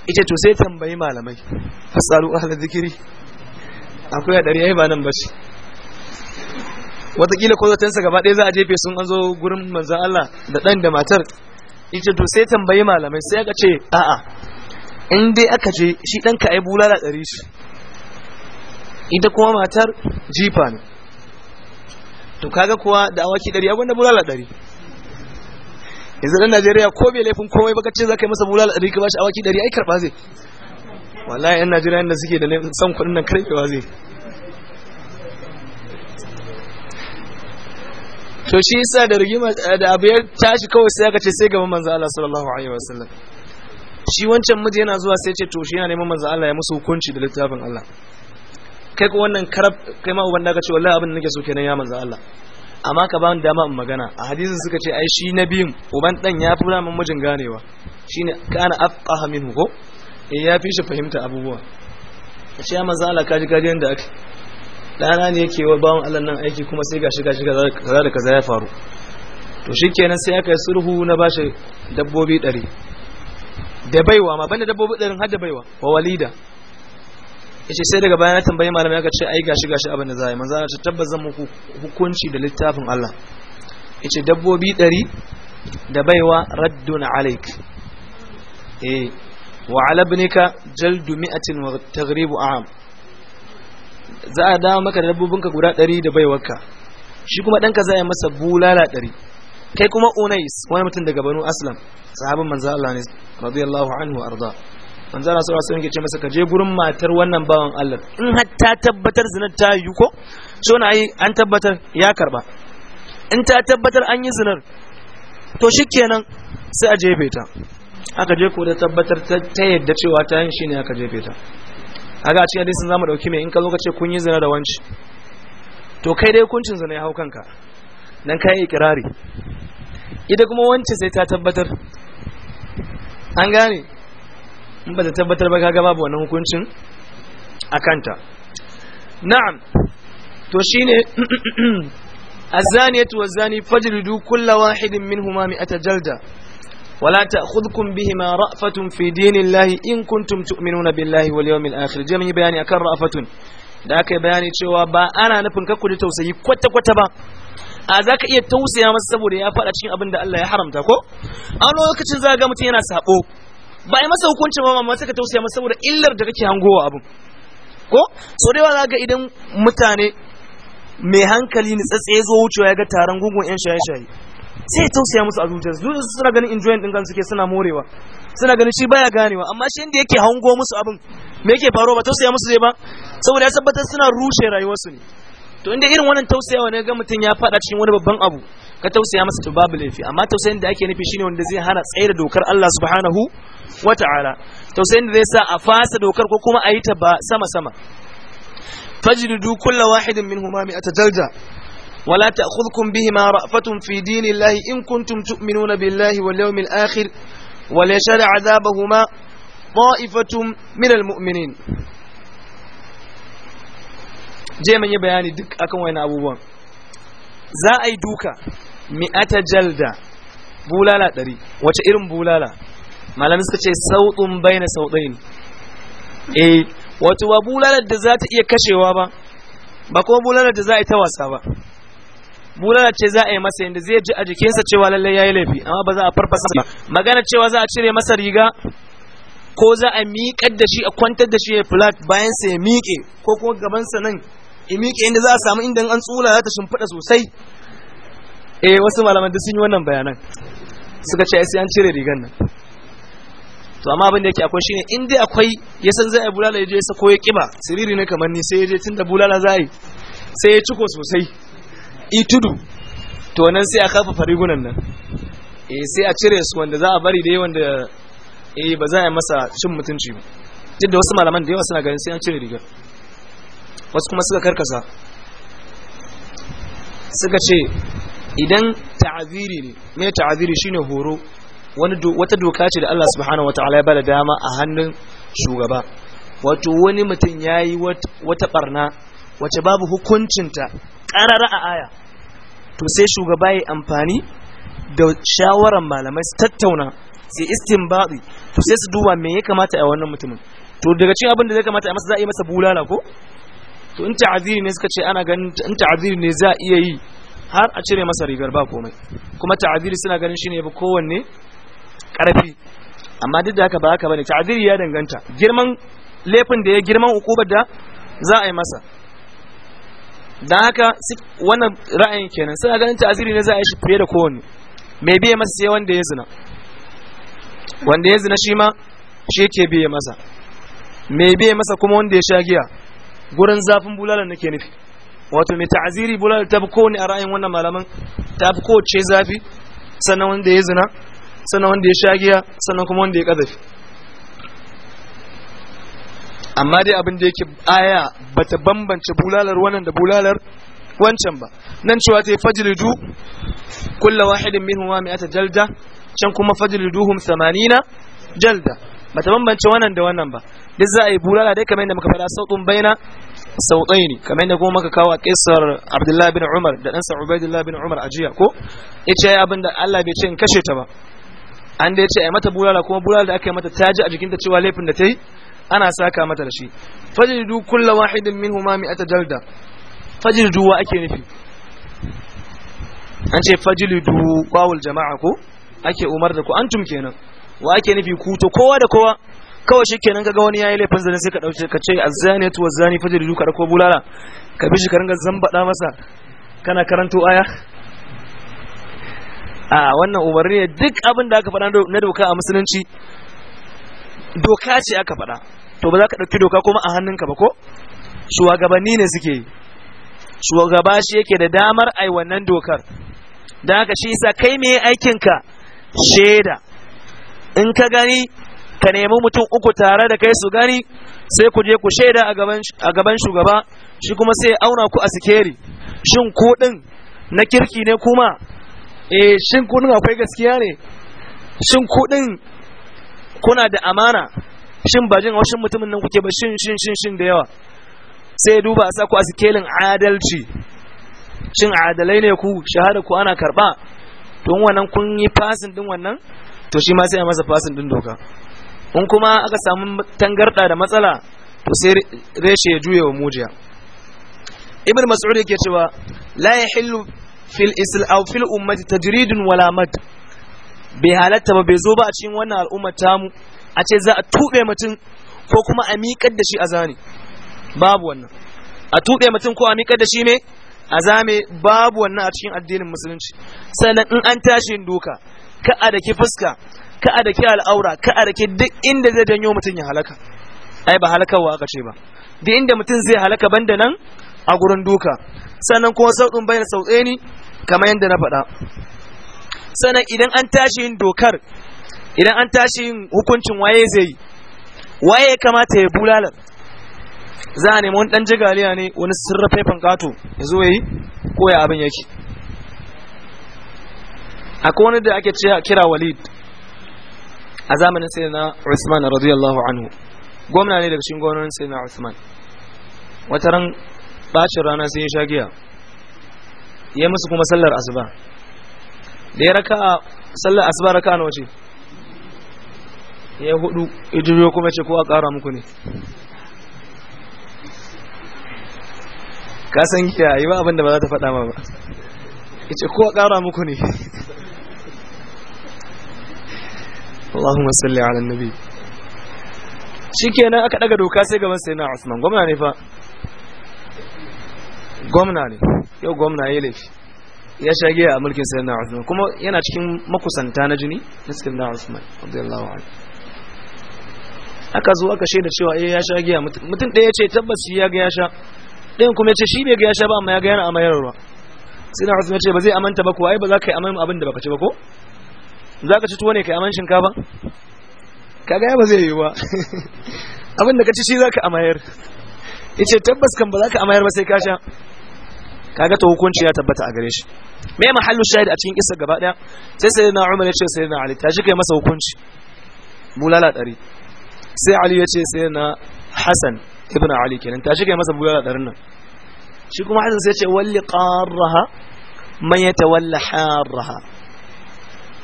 ita to sai tambayi malamai a halin zikiri akwai a ɗari yi ba nan ba ce watakila ko zatensa gaba ɗaya za a jefe sun an zo gurin manzan Allah da ɗan da matar ita to sai tambayi malamai sai aka ce a'a in dai aka je shi ɗanka ai bulala ɗari shi ita kuma matar jifa ne to kaga kuwa da awaki dari abin da bulala dari. yanzu dan najeriya ko bai laifin komai ba kace za yi masa bulala dari ka bashi awaki dari, ai karɓa zai wallahi yan najeriya da suke da son kuɗin nan karɓewa zai to shi yasa da rigima da abu ya tashi kawai sai aka ce sai gaban manzo Allah sallallahu alaihi wasallam shi wancan miji yana zuwa sai ce to shi yana neman manzo Allah ya musu hukunci da littafin Allah kai ko wannan karab kai ma uban ka ce wallahi abin da nake so kenan ya manzo Allah amma ka ba mu dama in magana a hadisin suka ce ai shi nabiyin uban dan ya fi min mijin ganewa shine kana afqaha minhu ko eh ya fi shi fahimta abubuwa ce ya manzo Allah kaji kaji yanda aka dana ne yake wa bawon Allah nan aiki kuma sai gashi gashi kaza da kaza ya faru to shikenan sai aka yi sulhu na bashi dabbobi 100 da baiwa ma banda dabbobi 100 har da baiwa wa walida yace sai daga bayan tambayi malamai aka ce ai gashi gashi abin da zai manzo Allah ta tabbazan muku hukunci da littafin Allah yace dabbobi 100 da baiwa raddun alaik eh wa ala ibnika jaldu mi'atin wa taghribu am za a dawo maka da dabbobinka guda 100 da baiwarka shi kuma danka zai masa bulala 100 kai kuma unais wani mutum daga banu aslam sahabban manzo Allah ne radiyallahu anhu arda manzo Allah sallallahu alaihi wasallam ce masa ka je gurin matar wannan bawan Allah in har ta tabbatar zinar ta yi ko so na yi an tabbatar ya karba in ta tabbatar an yi zinar to shikenan sai a jefe ta aka je ko da tabbatar ta yadda cewa ta yin shine aka jefe ta kaga a cikin hadisin zamu dauki mai in ka zo ka ce kun yi zina da wanci to kai dai kuncin zina ya hau kanka dan kai ikirari ita kuma wanci sai ta tabbatar an gane in ba ta tabbatar ba kaga babu wannan hukuncin akanta na'am to shine الزانية والزاني فاجلدوا كل واحد منهما مئة جلدة ولا تأخذكم بهما رأفة في دين الله إن كنتم تؤمنون بالله واليوم الآخر جميع بياني akan رأفة da aka yi bayani cewa ba ana nufin kakku da tausayi kwata-kwata ba a za ka iya tausaya masa saboda ya faɗa cikin abin da Allah ya haramta ko a lokacin za ga mutum yana saɓo. ba a masa hukuncin ba amma suka tausaya masa saboda illar da kake hangowa abin ko so da yawa ga idan mutane mai hankali ni tsatse ya zo wucewa ya ga taron gungun yan shaye-shaye sai ya tausaya musu a su, su suna ganin enjoying din suke suna morewa suna ganin shi baya ganewa amma shi inda yake hango musu abin me yake faruwa ba tausaya musu zai ba saboda ya tabbatar suna rushe rayuwarsu ne to inda irin wannan tausayawa ne ga mutum ya fada cikin wani babban abu ka tausaya masa to babu laifi amma tausayin da ake nufi shine wanda zai hana tsayar dokar Allah subhanahu wata'ala tausayin da zai sa a fasa dokar ko kuma a yi ta ba sama sama fajridu kulla wahidin minhuma mi'ata jalda wala ta'khudhukum bihima ra'fatun fi lahi in kuntum tu'minuna billahi wal yawmil akhir wa la yashra 'adabahuma ta'ifatun minal mu'minin je mun yi bayani duk akan wayannan abubuwan za a yi duka mi'ata jalda bulala ɗari wace irin bulala malamin suka ce sautin bai na eh wato ba bulalar da za ta iya kashewa ba ba kuma bulalar da za a yi ta wasa ba bulalar ce za a yi masa yadda zai ji a jikinsa cewa lallai ya yi laifi amma ba za a farfasa ba magana cewa za a cire masa riga ko za a miƙar da shi a kwantar da shi ya flat bayan sa ya miƙe ko kuma gabansa nan ya miƙe inda za a samu inda an tsula za ta shimfiɗa sosai eh wasu malaman duk sun yi wannan bayanan suka ce sai an cire rigan nan to amma abin da yake akwai shine in dai akwai ya san zai bulala ya je ko ya kiba siriri ne kamar ni sai ya je tunda bulala za yi sai ya ciko sosai i tudu to nan sai a kafa farigunan nan eh sai a cire su wanda za a bari dai wanda eh ba za a masa cin mutunci ba duk da wasu malaman da yawa suna ganin sai an cire rigar wasu kuma suka karkasa suka ce idan ta'aziri ne me ta'aziri shine horo wani wata doka ce da Allah subhanahu wataala ya bada dama a hannun shugaba wato wani mutum yayi wata barna wace babu hukuncinta karara a aya to sai shugaba ya amfani da shawaran malamai su tattauna sai istinbadi to sai su duba me ya kamata a wannan mutumin to daga cikin abin da zai kamata a masa za a yi masa bulala ko to in ta'aziri ne suka ce ana ganin in ta'aziri ne za a iya yi har a cire masa rigar ba komai kuma ta'adiri suna ganin shine ba kowanne karfi amma duk da haka ba haka bane ta'adiri ya danganta girman laifin da ya girman hukumar da za a yi masa dan haka wannan ra'ayin kenan suna ganin ta'adiri ne za a yi shi fiye da kowanne mai biye masa sai wanda ya zina wanda ya zina shi ma shi ke biye masa mai biye masa kuma wanda ya sha giya gurin zafin bulalan nake nufi wato mai ta'aziri bulal tabko ne a ra'ayin wannan malaman tabko ce zafi sannan wanda ya zina sannan wanda ya shagiya sannan kuma wanda ya kadafi amma dai abin da yake aya ba ta bambance bulalar wannan da bulalar wancan ba nan cewa ta yi fajiridu kulla wahidin min huwa mai ata jalda can kuma fajiriduhum samanina jalda ba ta bambance wannan da wannan ba duk za a yi bulala dai kamar yadda muka faɗa sauƙin baina sautaini kamar yadda kuma maka kawo ƙisar abdullahi bin umar da ɗansa ubaidullahi bin umar ajiya ko ya ce abin da allah bai ce in kashe ta ba an da ya ce a mata bulala kuma bulala da aka yi mata ta ji a jikinta cewa laifin da ta yi ana saka mata da shi fajidu kulla wahidin min huma mi ata jalda fajidu wa ake nufi an ce fajidu bawul jama'a ko ake umar da ku antum kenan wa ake nufi ku kowa da kowa kawai shikenan kaga wani yayi laifin zane sai ka dauke ka ce azzaniyatu wazzani fajridu ka ko bulala ka bi shi ka ringa zambada masa kana karanto aya a wannan umarni ne duk abin da aka faɗa na doka a musulunci doka ce aka faɗa to ba za ka ɗauki doka kuma a hannunka ba ko shugabanni ne suke yi shugaba shi yake da damar ai wannan dokar da haka shi yasa kai me aikinka shaida in ka gani ka nemi mutum uku tare da kai su gani sai ku je ku shaida a gaban shugaba shi kuma sai auna ku a sikeri shin ku din na kirki ne kuma eh shin ku din akwai gaskiya ne shin ku din kuna da amana shin ba jin haushin mutumin nan kuke ba shin shin shin shin da yawa sai duba a sa ku a sikelin adalci shin adalai ne ku shahada ku ana karba to wannan kun yi fasin din wannan to shi ma sai a masa fasin din doka in kuma aka samu tangarda da matsala to sai reshe ya juya wa mujiya ibn mas'ud yake cewa la yahillu fil aw fil ummati tajridun wala mad bai halatta ba bai zo ba a cikin wannan al'umma tamu a ce za a tube mutum ko kuma a miƙar da shi a zane babu wannan a tube mutum ko a miƙar da shi me a zame babu wannan a cikin addinin musulunci sannan in an tashi doka, ka a ki fuska ka a dake al'aura ka a dake duk inda zai janyo mutum ya halaka ai ba halakarwa aka ce ba duk inda mutum zai halaka ban da nan a gurin duka sannan kuma sauƙin bayan sauƙe ne kamar yadda na faɗa sannan idan an tashi yin dokar idan an tashi yin hukuncin waye zai yi waye ya kamata ya bulalar za a nemi wani ɗan jigaliya ne wani sirrafaifan ƙato ya zo ya yi ko ya abin yake akwai wani da ake kira walid a zamanin sayyidina Usman radiyallahu anhu gwamna ne daga cikin gwamnonin sayyidina Usman wata ran bacin rana sai ya sha giya ya musu kuma sallar asuba da ya raka sallar asuba raka na wace ya hudu ya kuma ce ko a kara muku ne ka san giya yi ba abin da ba za ta faɗa ma ba ya ce ko a kara muku ne Allahumma salli ala nabi shikenan aka daga doka sai gaban sai na Usman gwamna ne fa gwamna ne yau gwamna ya laifi ya shage a mulkin na Usman kuma yana cikin makusanta na jini na sayyidina Usman radiyallahu anhu aka zo aka shaida cewa eh ya sha giya mutum ɗaya ya ce tabbas ya ga ya sha ɗayan kuma ya ce shi bai ga ya sha ba amma ya ga yana amayarwa sai na Usman ya ce ba zai amanta ba ko ai ba za ka yi amayin abin da baka ci ba ko za ka ci tuwo ne ka aman shinkafa kaga ya ba zai yi ba abin da ka ci shi za ka amayar ice tabbas kan ba za ka amayar ba sai ka sha kaga ta hukunci ya tabbata a gare shi me mahallu shahid a cikin kissa gaba daya sai sayyidina Umar ya ce sayyidina Ali tashi kai masa hukunci bulala dari sai Ali ya ce sayyidina Hassan ibn Ali kenan tashi kai masa bulala darin nan shi kuma Hassan sai ya ce walli qarraha man yatawalla harraha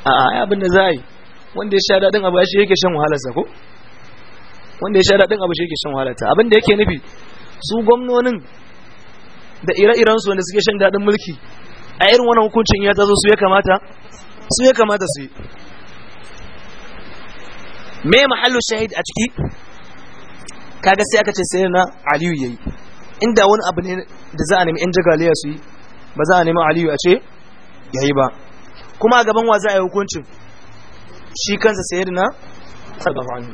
a'a abin da za a yi wanda ya sha daɗin abu shi yake shan sa ko wanda ya sha daɗin abu shi yake shan ta abin da yake nufi su gwamnonin da ire-iren su wanda suke shan daɗin mulki a irin wannan hukuncin ya tazo su ya kamata su ya kamata su yi me mahallu shahid a ciki kaga sai aka ce sai na aliyu yayi inda wani abu ne da za a nemi yan jagaliya su yi ba za a nemi aliyu a ce yayi ba kuma a gaban wa za a yi hukuncin shi kansa sayar na alaihi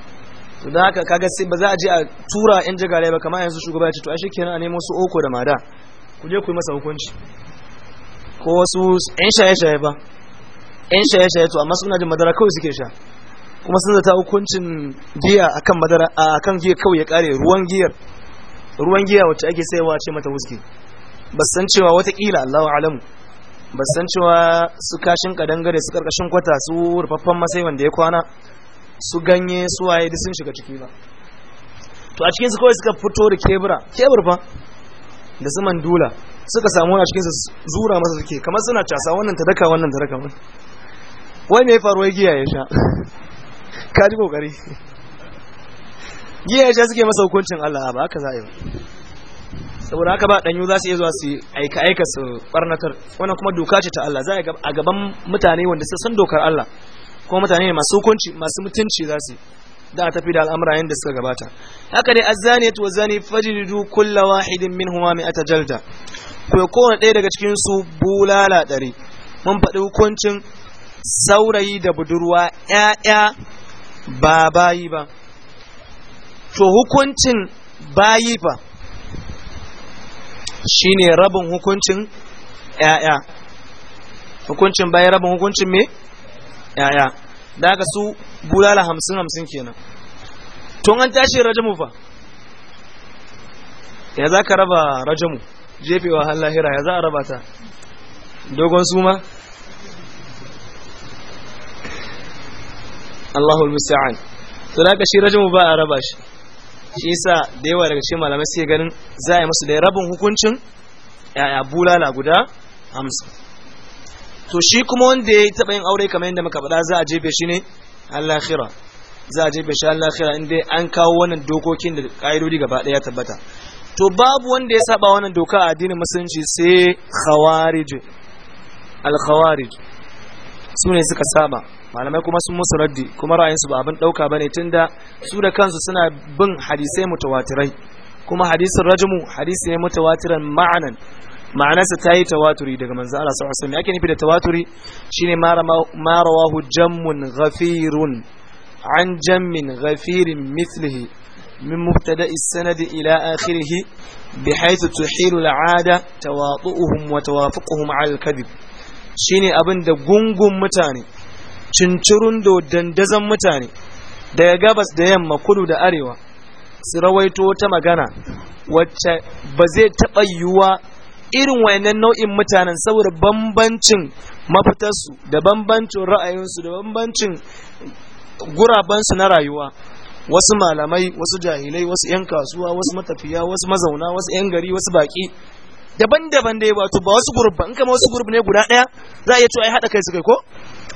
to dan haka kaga sai ba za a je a tura yan jagare ba kamar yanzu shugaba ya ce to a kenan a nemo su oko da mada ku je ku yi masa hukunci ko wasu yan shaye-shaye ba yan shaye-shaye to amma suna jin madara kawai suke sha kuma sun zata hukuncin giya akan madara akan giya kawai ya kare ruwan giyar ruwan giya wacce ake sayawa ce mata wuski ba san cewa watakila Allahu alamu ba san cewa su kashin kadangare su karkashin kwata su rufaffen masai wanda ya kwana su ganye su waye duk sun shiga ciki ba to a cikin su kawai suka fito da kebura kebur fa da su mandula suka samu a cikin su zura masa suke kamar suna casa wannan ta daka wannan ta daka mun. wai me faruwa giya ya sha ka ji kokari giya ya sha suke masa hukuncin Allah ba haka za a yi saboda haka ba danyu za su iya zuwa su aika aika su barnatar wannan kuma doka ce ta Allah za a gaban mutane wanda su san dokar Allah kuma mutane ne masu hukunci masu mutunci za su da a tafi da al'amura yadda suka gabata haka ne azzaniyatu wazani fajlidu kullu wahidin minhuma mi'ata jalda ko kowane ɗaya daga cikin su bulala ɗari mun faɗi hukuncin saurayi da budurwa ƴaƴa ba bayi ba to hukuncin bayi ba shine rabin hukuncin ‘ya'ya hukuncin bayan rabin hukuncin me ‘ya'ya da aka su bulala hamsin hamsin kenan tun an tashi rajamu fa ya za ka raba rajamu jefewa har lahira ya za a raba ta dogon suma Allahul Musa'an, to da ka shi rajamu ba a raba shi shi yasa da yawa daga cikin malamai suke ganin za a yi musu da rabin hukuncin yaya bulala guda hamsin to shi kuma wanda ya taɓa yin aure kamar yadda muka faɗa za a jefe shi ne allahira za a jefe shi allahira inda an kawo wannan dokokin da ƙa'idodi gaba ɗaya tabbata to babu wanda ya saba wannan doka a addinin musulunci sai khawarij al khawarij su ne suka saba malamai kuma sun musu raddi kuma ra'ayinsu ba abin ɗauka ba ne tunda su da kansu suna bin hadisai mutawatirai kuma hadisin rajimu hadisi ne mutawatiran ma'anan ma'anarsa ta yi tawaturi daga manzo Allah sallallahu alaihi wasallam nufi da tawaturi shine ma rawahu jammun ghafirun an jammin ghafirin mithlihi min mubtada'i sanadi ila akhirih bihaythu tuhilu al'ada tawadu'uhum wa tawafuquhum al kadib shine abin da gungun mutane cincirundo dandazon mutane daga gabas da yamma kudu da arewa su rawaito ta magana wacce ba zai taɓa yiwuwa irin wayannan nau'in mutanen saboda bambancin mafitarsu da bambancin ra'ayinsu da bambancin gurabansu na rayuwa wasu malamai wasu jahilai wasu 'yan kasuwa wasu matafiya wasu mazauna wasu 'yan gari wasu baƙi daban-daban dai wato ba wasu gurubba? in kama wasu gurubba ne guda ɗaya za a iya cewa ai haɗa kai su kai ko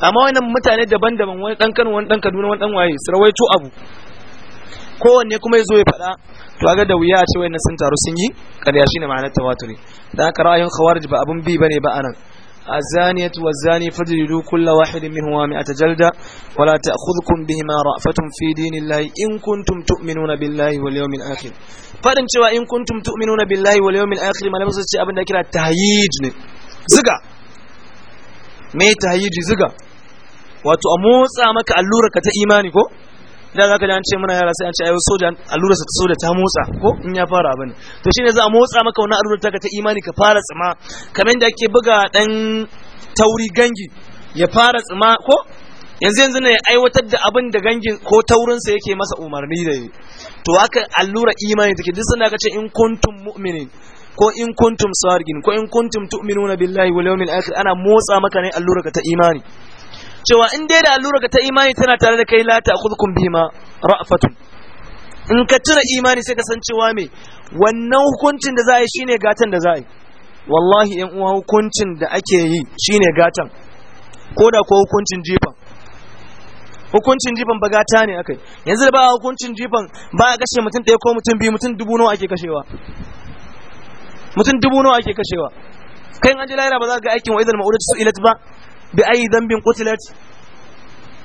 amma wannan mutane daban-daban wani dan Kano wani dan Kaduna wani dan waye su abu kowanne kuma yazo ya faɗa to ga da wuya a ce wayannan sun taru sun yi ƙarya shine ma'anar tawaturi dan haka ra'ayin khawarij ba abun bi bane ba anan الزانية والزاني فاجلدوا كل واحد منهما مئة جلدة ولا تأخذكم بهما رأفة في دين الله إن كنتم تؤمنون بالله واليوم الآخر فإن شوى إن كنتم تؤمنون بالله واليوم الآخر ما لمسة أبن ذكر التهييج زقا ما تهييج زقا wato a motsa maka allura ka ta imani ko da za ka ce muna yara sai an ce ayo soja allura ta soja ta motsa ko in ya fara abin to shine za a motsa maka wannan allura ta ka ta imani ka fara tsima kamar yadda ake buga dan tauri gangi ya fara tsima ko yanzu yanzu ne aiwatar da abin da gangin ko taurinsa yake masa umarni da yi to haka allura imani take duk sanda ka ce in kuntum mu'minin ko in kuntum sadiqin ko in kuntum tu'minuna billahi wal yawmil akhir ana motsa maka ne allura ka ta imani cewa in dai da allura ka ta imani tana tare da kai la ta'khudhukum bima ra'fatun in ka cire imani sai ka san cewa me wannan hukuncin da za a yi shine gatan da za a yi wallahi yan uwa hukuncin da ake yi shine gatan ko da ko hukuncin jifan hukuncin jifan ba gata ne akai yanzu da ba hukuncin jifan ba a kashe mutum ɗaya ko mutum biyu mutum dubu nawa ake kashewa mutum dubu nawa ake kashewa kai an ji lahira ba za ka ga aikin wa idan ma'udatu su'ilat ba bi ayi dambin kutilat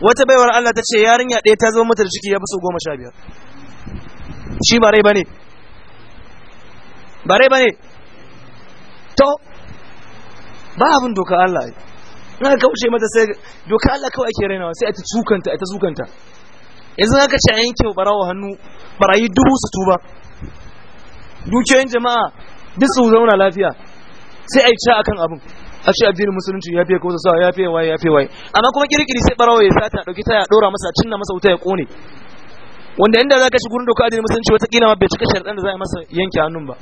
wata baiwar Allah ta ce yarinya ɗaya ta zo mata da ciki ya fi so goma sha biyar shi ba rai bane ba rai bane to ba abin doka Allah na kauce mata sai doka Allah kawai ake rainawa sai a ta tsukanta a ta tsukanta yanzu haka ce a yanke barawa hannu barayi dubu su tuba dukiyoyin jama'a duk su zauna lafiya sai a yi ca akan abin a ce addinin musulunci ya fiye ko sa ya fiye waye ya fiye waye amma kuma kirkiri sai barawo ya sata dauki ta ya dora masa cinna masa wuta ya kone wanda inda za zaka shi gurin doka addinin musulunci wata kila ma bai cika sharɗan da za a masa yanke hannun ba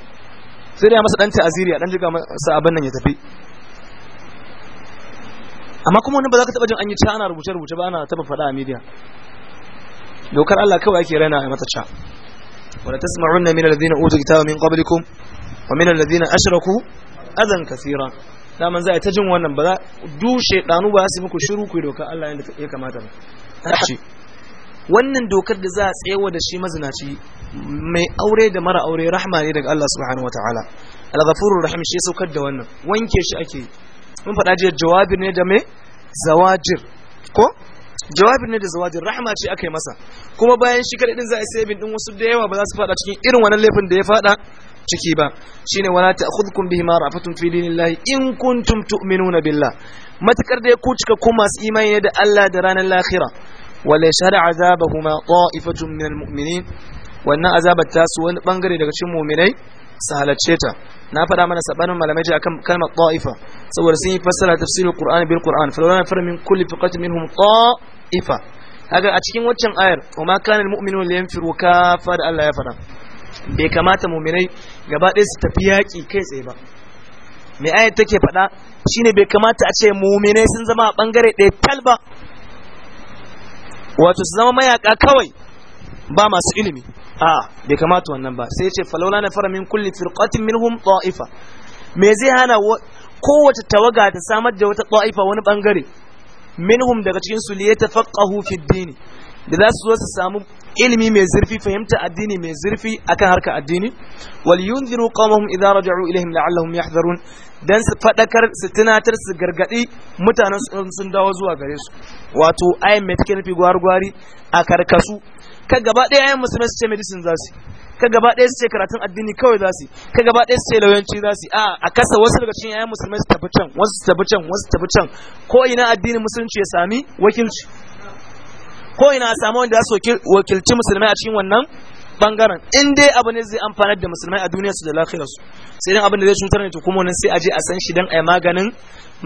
sai dai masa dan ta'aziri a dan jiga masa abin nan ya tafi amma kuma wani ba za ka taɓa jin an yi ta ana rubuce rubuce ba ana taɓa faɗa a media dokar Allah kawai ake raina a mata ca wala tasma'unna min alladhina utu kitaba min qablikum wa min alladhina ashraku adan kaseera daman za a ta jin wannan ba za dushe danu ba su muku shiru ku doka Allah yadda ya kamata ba wannan dokar da za a tsayawa da shi mazinaci mai aure da mara aure rahma ne daga Allah subhanahu wataala al-ghafurur rahim shi saukar da wannan wanke shi ake mun faɗa jiya jawabi ne da me zawajir ko jawabin ne da Zawajir rahma ce aka yi masa kuma bayan shi kadai din za a yi sabin din wasu da yawa ba za su fada cikin irin wannan laifin da ya fada ciki ba shine wala ta'khudhukum bihima rafatun fi dinillahi in kuntum tu'minuna billah matakar da ku cika kuma masu imani ne da Allah da ranar lahira wala yashhadu azabahuma ta'ifatun minal mu'minin wannan azabar ta su wani bangare daga cikin mu'minai su halacce ta na faɗa mana sabanin malamai ta akan kalmar ta'ifa saboda sun yi fassara tafsirin qur'ani bil qur'an fa lana fara min kulli fiqatin minhum ta'ifa haka a cikin waccan ayar wa ma kana al mu'minuna liyanfiru kafa da Allah ya faɗa bai kamata muminai gaba ɗaya su tafi yaƙi kai tsaye ba mai ayat take faɗa shine bai kamata a ce muminai sun zama a ɓangare ɗaya tal ba wato su zama mayaƙa kawai ba masu ilimi a bai kamata wannan ba sai ce falola na fara min kulli firqatin minhum ta'ifa me zai hana kowace tawaga ta samar da wata ta'ifa wani bangare minhum daga cikin su liyata faqahu fi dini da za su zo su samu ilimi mai zurfi fahimta addini mai zurfi akan harkar addini wal yunziru qawmuhum idza raja'u ilayhim la'allahum yahdharun dan su fadakar su tunatar su gargadi mutanen sun dawo zuwa gare su wato ayin mai take nufi gwari a karkasu ka gaba ɗaya ayin musulmai su ce medicine za su ka gaba ɗaya su ce karatun addini kawai za su ka gaba ɗaya su ce lauyanci za su a a kasa wasu daga cikin ayin musulmai su tafi can wasu su tafi can wasu su tafi can ko ina addinin musulunci ya sami wakilci ko ina a samu wanda za su wakilci musulmai a cikin wannan bangaren in dai abu ne zai amfanar da musulmai a duniya su da lafiyar su sai dan abin da zai cutar ne to kuma wannan sai a je a san shi dan ai maganin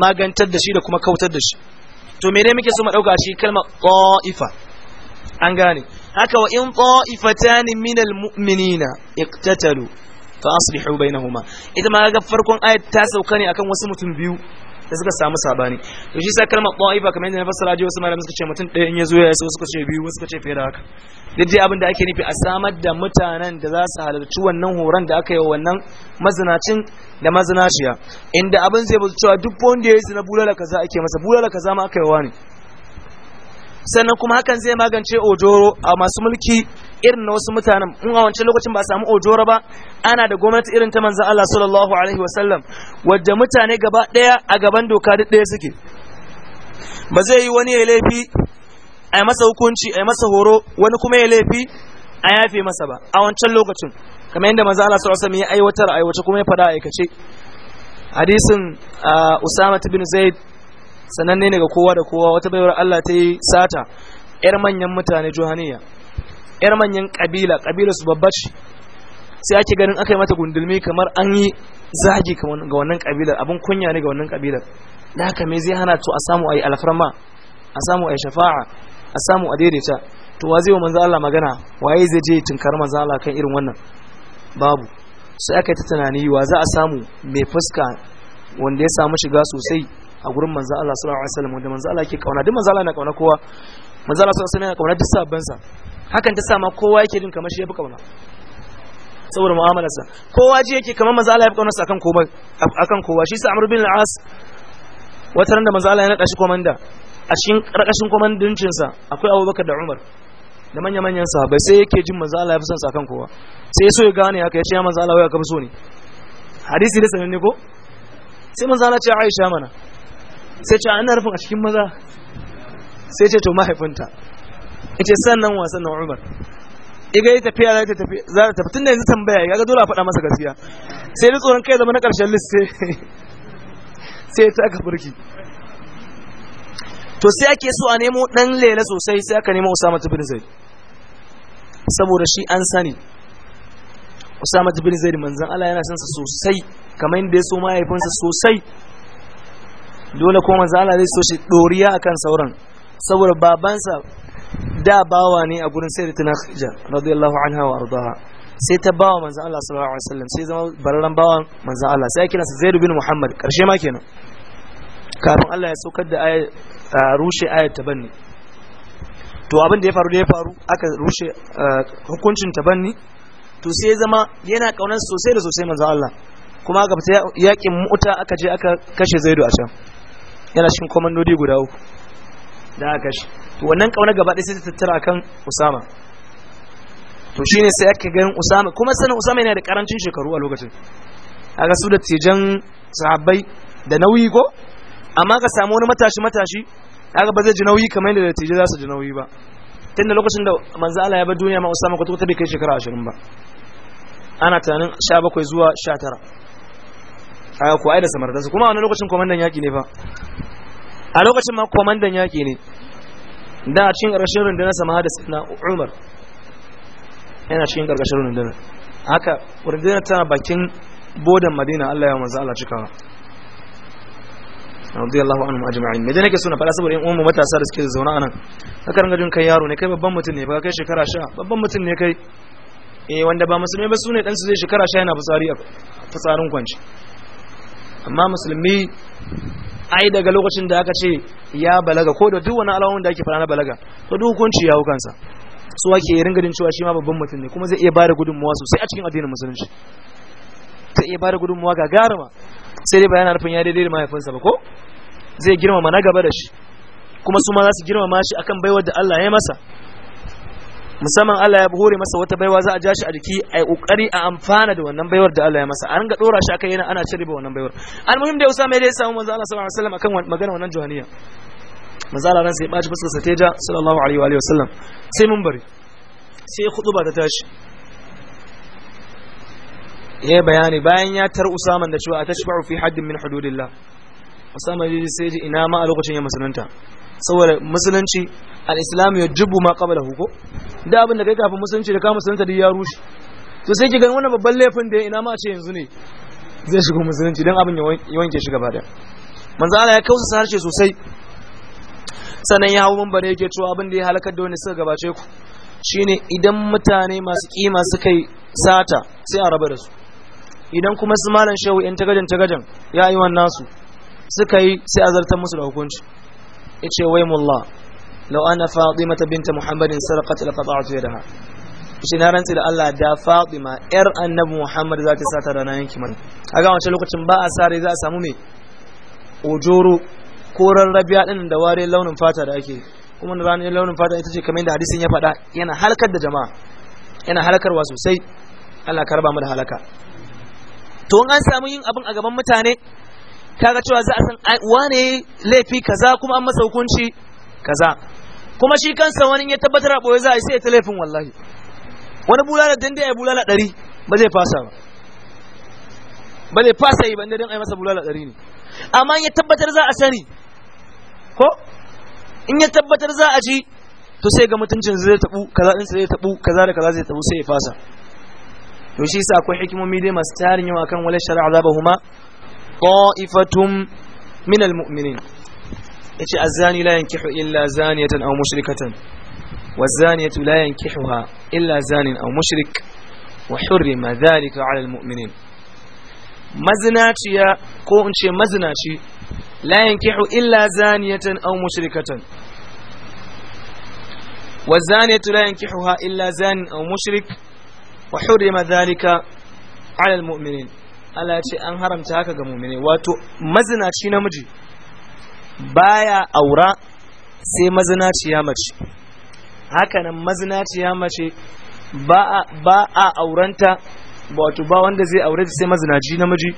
magantar da shi da kuma kautar da shi to me dai muke so mu dauka shi kalma ta'ifa an gane haka wa in ta'ifatan min almu'minina iqtatalu fa aslihu bainahuma ita ma ga farkon ayat ta sauka ne akan wasu mutum biyu da suka samu sabani to shi sai kalmar ta'ifa kamar yadda na fassara ji wasu malamai suka ce mutum ɗaya in ya zo ya yi suka ce biyu wasu suka ce fiye haka duk dai abin da ake nufi a samar da mutanen da za su halarci wannan horon da aka yi wa wannan mazinacin da mazinaciya inda abin zai bazu cewa duk wanda ya yi zina bulala kaza ake masa bulala kaza ma aka yi wa ne sannan kuma hakan zai magance ojoro a masu mulki irin na wasu mutanen in a wancan lokacin ba samu ojoro ba ana da gwamnati irin ta manzan Allah sallallahu alaihi wasallam wadda mutane gaba ɗaya a gaban doka duk ɗaya suke ba zai yi wani ya laifi a yi masa hukunci a yi masa horo wani kuma ya laifi a yafe masa ba a wancan lokacin kamar yadda manzan Allah sallallahu alaihi wasallam ya aiwatar aiwace kuma ya faɗa aikace hadisin uh, Usama bin Zaid sananne ne ga kowa da kowa wata baiwar Allah ta yi sata yar manyan mutane johaniya yar manyan kabila ƙabila su babba ce sai ake ganin aka yi mata gundulmi kamar an yi zagi ga wannan kabilar abin kunya ne ga wannan kabilar da haka me zai hana to a samu ayi alfarma a samu ayi shafa'a a samu a daidaita to wa zai wa manzo Allah magana waye zai je tinkar manzo Allah kan irin wannan babu sai aka yi ta tunani wa za a samu mai fuska wanda ya samu shiga sosai a gurin manzo Allah sallallahu alaihi wasallam da manzo Allah yake kauna duk manzo Allah yana kauna kowa manzo Allah sallallahu alaihi wasallam yana kauna duk sabban hakan ta sa ma kowa yake jin kamar shi yafi kauna saboda mu'amalarsa kowa ji yake kamar manzo Allah yafi kaunarsa akan kowa akan kowa shi sa Amr bin al-As wata ran da manzo Allah ya naɗa shi komanda a cikin ƙarƙashin komandancin sa akwai Abubakar da Umar da manya-manyan sahabbai sai yake jin manzo Allah yafi son sa akan kowa sai so ya gane haka ya ce manzo Allah wai aka fi so ne hadisi da sananne ko sai manzo Allah ce Aisha mana sai ce ana ah, rufin a cikin maza sai ce to mahaifinta san sannan wasan na umar iga yi tafiya za ta tafi za ta tafi tun da yanzu tambaya ya ga dole a faɗa masa gaskiya sai da tsoron kai zama na ƙarshen list sai ta aka furki to sai ake so a nemo ɗan lela sosai sai aka nemo usama tafi bin zaid saboda shi an sani usama ta bin zaid manzan Ala yana son sosai kamar yadda ya so mahaifinsa sosai dole ko maza Allah zai so shi doriya akan sauran saboda babansa da bawa ne a gurin tana Khadija radiyallahu anha wa ardaha sai ta bawa manzo Allah sallallahu alaihi wasallam sai zama bararran bawa manzo Allah sai kira sa Zaid bin Muhammad karshe ma kenan kafin Allah ya saukar da ayat rushe ayat tabanni to abin da ya faru da ya faru aka rushe hukuncin tabanni to sai ya zama yana kaunar sosai da sosai manzo Allah kuma ga fita yakin mu'ta aka je aka kashe Zaidu a can yana cikin komandodi guda uku da aka shi to wannan kauna gaba ɗaya sai ta tattara akan usama to shine sai aka ga usama kuma sanin usama yana da karancin shekaru a lokacin aka su da tijan sahabbai da nauyi ko amma ka samu wani matashi matashi aka ba zai ji nauyi kamar yadda da za su ji nauyi ba tun da lokacin da manzo Allah ya bar duniya ma usama ko ta bai kai shekara 20 ba ana tunanin 17 zuwa 19 aya ko ai da samartansu kuma a wani lokacin komandan yaki ne fa a lokacin ma komandan yaki ne da a cikin ƙarƙashin rundunar sama da na umar yana cikin ƙarƙashin rundunar haka rundunar tana bakin bodan madina allah ya manzo allah cikawa radiyallahu anhum ajma'in me da nake so na fara saboda in ummu matasa da suke zaune anan haka ranga jin kai yaro ne kai babban mutum ne ba kai shekara sha babban mutum ne kai eh wanda ba musulmi ba sune dan su zai shekara sha yana fitsari a fitsarin kwanci amma musulmi ai daga lokacin da aka ce ya balaga ko da duk wani alamun da ake fara na balaga to duk hukunci ya hukansa su ake ringa jin cewa shi ma babban mutum ne kuma zai iya bada gudunmuwa sosai a cikin addinin musulunci zai iya bada gudunmuwa garama sai dai bayan harfin ya daidai da mahaifinsa ba ko zai girmama na gaba da shi kuma su ma za su girmama shi akan baiwar da Allah ya masa musamman Allah ya hore masa wata baiwa za a ja shi a jiki a yi a amfana da wannan baiwar da Allah ya masa an ga dora shi akai yana ana cire ba wannan baiwar almuhim da Usama ya samu manzo Allah sallallahu alaihi wasallam akan magana wannan juhaniya manzo Allah ran sai baci fuskar sa teja sallallahu alaihi wa sai mun bari sai khutuba ta tashi ya bayani bayan ya tar Usama da cewa fi haddin min hududillah Usama sai ji ina ma a lokacin ya musulunta saboda musulunci al-islam yajibu ma qablahu ko da abin da kai kafin musulunci da ka musulunta duk ya rushe to sai ki gani wannan babban laifin da ina ma a ce yanzu ne zai shigo musulunci dan abin ya wanke shi gaba daya manzo Allah ya kausa harshe sosai sanan ya hawo mambare yake cewa abin da ya halakar da wani suka gabace ku shine idan mutane masu kima suka yi sata sai a raba da su idan kuma su malan shehu yan tagadan tagadan ya yi wannan su suka yi sai a zartar musu da hukunci yace wai mullah لو anna fatimata binta محمد سرقت لقطعت يدها shin na rantsi da Allah da Fatima yar annabi Muhammad za ta sata ranar yanki mana kaga wancan lokacin ba a sare za a samu me ojoro ko rarrabiya din da ware launin fata da ake kuma ranar launin fata ita ce kamar yadda hadisin ya faɗa yana halakar da jama'a yana halakarwa sosai Allah karba mu da halaka to in an samu yin abin a gaban mutane kaga cewa za a san wane laifi kaza kuma an masa hukunci kaza kuma shi kansa wani ya tabbatar a ɓoye za a yi sai ya laifin wallahi wani bulala dan a ya bulala ɗari ba zai fasa ba ba zai fasa yi ba don a yi masa bulala ɗari ne amma ya tabbatar za a sani ko in ya tabbatar za a ji to sai ga mutuncin zai tabu kaza din zai tabu kaza da kaza zai tabu sai ya fasa to shi yasa akwai hikimomi dai masu tarin yawa kan wala shar'a azabahuma qa'ifatum min al-mu'minin yace az-zani la yankihu illa zaniyatan aw mushrikatan waz-zaniyatu la yankihuha illa zanin aw mushrik wa hurrima dhalika a al-mu'minin mazinaciya ko in ce mazinaci la kihu illa zaniyatan aw mushrikatan waz-zaniyatu la yankihuha illa zanin aw mushrik wa hurrima dhalika a al-mu'minin Allah ce an haramta haka ga mu'mine wato mazinaci namiji baya aura sai mazinaciya mace hakanan mazinaciya mace ba a auranta wato ba wanda zai aure sai mazinaci namiji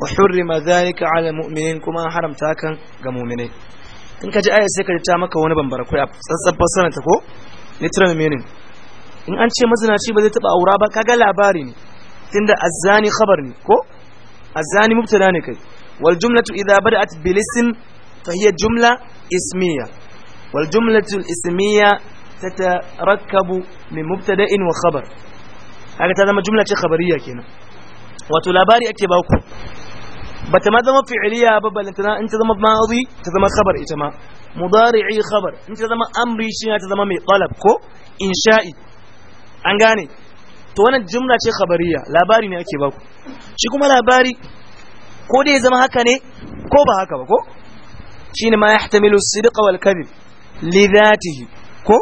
Wa hurrima dhalika ala mu'minin kuma haramta kan ga mu'minai in ka ji sai ka ta maka wani bambara koi a tsantsan fassara ta ko literal meaning in an ce mazinaci ba zai taba aura ba kaga labari ne tunda azzani khabar ne ko azzani mubtada ne kai wal jumlatu idha bada'at bilisin فهي جملة اسمية والجملة الاسمية تتركب من مبتدا وخبر هذا تزم جملة خبرية كنا وتلاباري أكتباكو بتما زم فعلية بابا انت انت زم ماضي تزم خبر ايتما مضارعي خبر انت زم أمري شيء تزم مي طلب كو إنشائي أنغاني تو wannan جملة ce لاباري labari ne ake baku shi kuma labari ko dai zama haka ne ko shine ma yahtamilu as-sidqa wal kadhib li dhatihi ko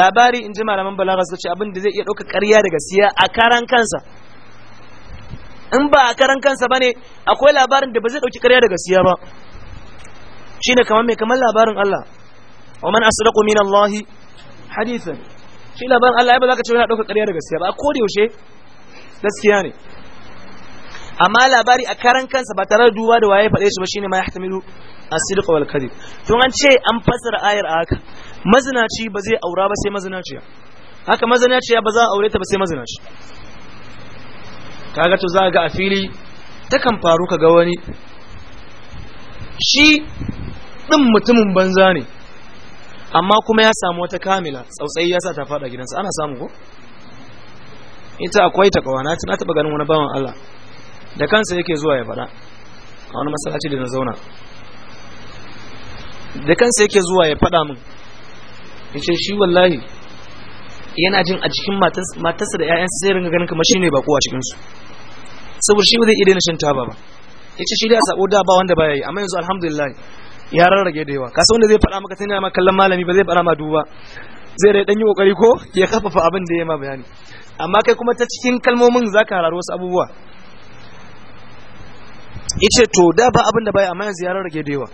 labari in ji malaman balaga suka ce abin da zai iya ɗauka ƙarya da gaskiya a karan kansa in ba a karan kansa bane akwai labarin da ba zai ɗauki ƙarya da gaskiya ba shine kamar mai kamar labarin Allah wa man asdaqu min Allah hadithan shi labarin Allah ba za ka ce yana ɗauka ƙarya da gaskiya ba a da yaushe gaskiya ne amma labari a karan kansa ba tare da duba da waye faɗe shi ba shine ma yahtamilu as-sidq wal to an ce an fasara ayar a haka mazinaci ba zai aura ba sai mazinaciya haka mazinaciya ba za a aure ta ba sai mazinaci kaga to za ga a fili takan faru ka ga wani shi ɗin mutumin banza ne amma kuma ya samu wata kamila tsautsayi ya sa ta fada gidansa ana samu ko ita akwai ta takawa na taba ganin wani bawan Allah da kansa yake zuwa ya faɗa a wani masallaci da na zauna da kansa yake zuwa ya faɗa min ce shi wallahi yana jin a cikin matarsa da 'ya'yansa sai ringa ganin kamar shine bako a cikin su saboda shi ba zai iya daina shan taba ba ce shi da sabo da ba wanda baya yi amma yanzu alhamdulillah ya rarrage da yawa ka san wanda zai faɗa maka tana ma kallon malami ba zai faɗa ma duba zai rai dan yi kokari ko ya kafafa abin da ya ma bayani amma kai kuma ta cikin kalmomin zaka hararo wasu abubuwa yace to da ba abin da baya amma yanzu ya rarrage da yawa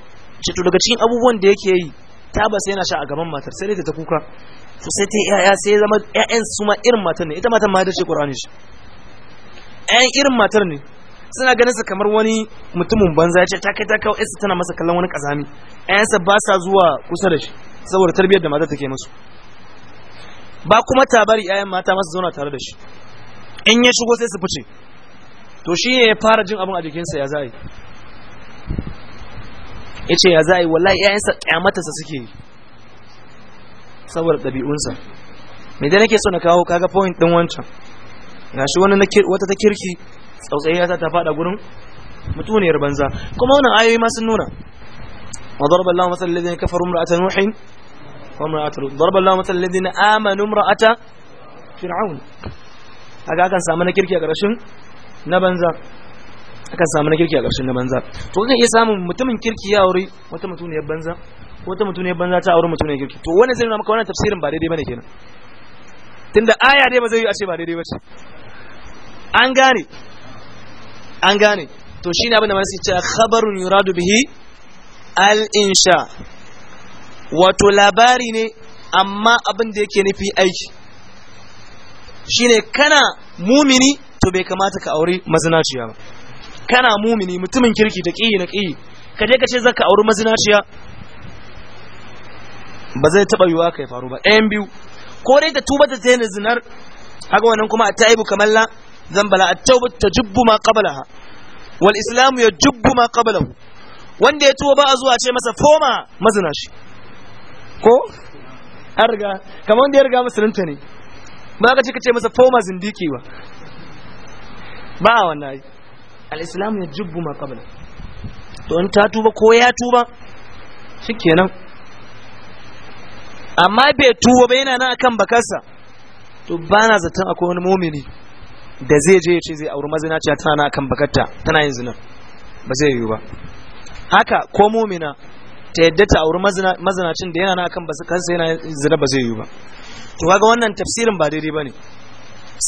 ce to daga cikin abubuwan da yake yi tabas yana sha a gaban matar sai dai ta kuka to sai ta yaya sai zama ƴaƴan su ma irin matar ne ita matar ma da ce Qur'ani shi ƴaƴan irin matar ne suna ganin sa kamar wani mutumin banza ce ta kai ta kawo isa tana masa kallon wani kazami ƴaƴansa ba sa zuwa kusa da shi saboda tarbiyyar da matar take musu ba kuma ta bari ƴaƴan mata masu zauna tare da shi in ya shigo sai su fice to shi ne ya fara jin abin a jikinsa ya yi ya ce ya za a yi wallahi ‘ya'yansa ƙyamatarsa suke yi saboda ɗabi'unsa me da nake so na kawo kaga point ɗin wancan ga shi wata ta kirki tsautsayi ya ta faɗa gurin mutuniyar banza kuma wannan ayoyi ma sun nuna wa darba Allah masal ladina kafaru imra'ata nuhin wa imra'ata darba Allah masal ladina amanu imra'ata fir'aun kaga kan samu na kirki a ƙarshen na banza akan samu na kirki a ƙarshen na banza to kan iya samun mutumin kirki ya aure wata mutuniyar banza ko wata mutuniyar banza ta aure mutuniyar kirki to wannan zai nuna maka wannan tafsirin ba daidai bane kenan tunda aya dai ba zai yi a ce ba daidai bace an gane an gane to shine abin da sai ce khabarun yuradu bihi al insha wato labari ne amma abin da yake nufi aiki shine kana mumini to bai kamata ka aure mazinaciya ba kana mumini mutumin kirki ta ƙiyi na ƙiyi ka je ka ce zaka auri mazinaciya ba zai taɓa yiwa ka ya faru ba ɗayan biyu ko dai ta tuba ta daina zinar haka wannan kuma a ta'ibu kamar zan bala a tauba ta jubbu ma ha wal islamu ya jubbu ma qablahu wanda ya tuba ba a zuwa ce masa foma mazina shi ko an riga kamar wanda ya riga musulunta ne ba ka ce ka ce masa foma zindiki ba ba wannan al ya yajubbu ma qabla to in ta tuba ko ya tuba kenan amma bai tuba ba yana nan akan bakarsa to bana zaton akwai wani momini da zai je ya ce zai auri mazinaciya tana nan akan bakarta tana yin zina ba zai yiwu ba haka ko momina ta yadda ta auri mazinacin da yana nan akan bakarsa yana yin zina ba zai yiwu ba to kaga wannan tafsirin ba daidai ne.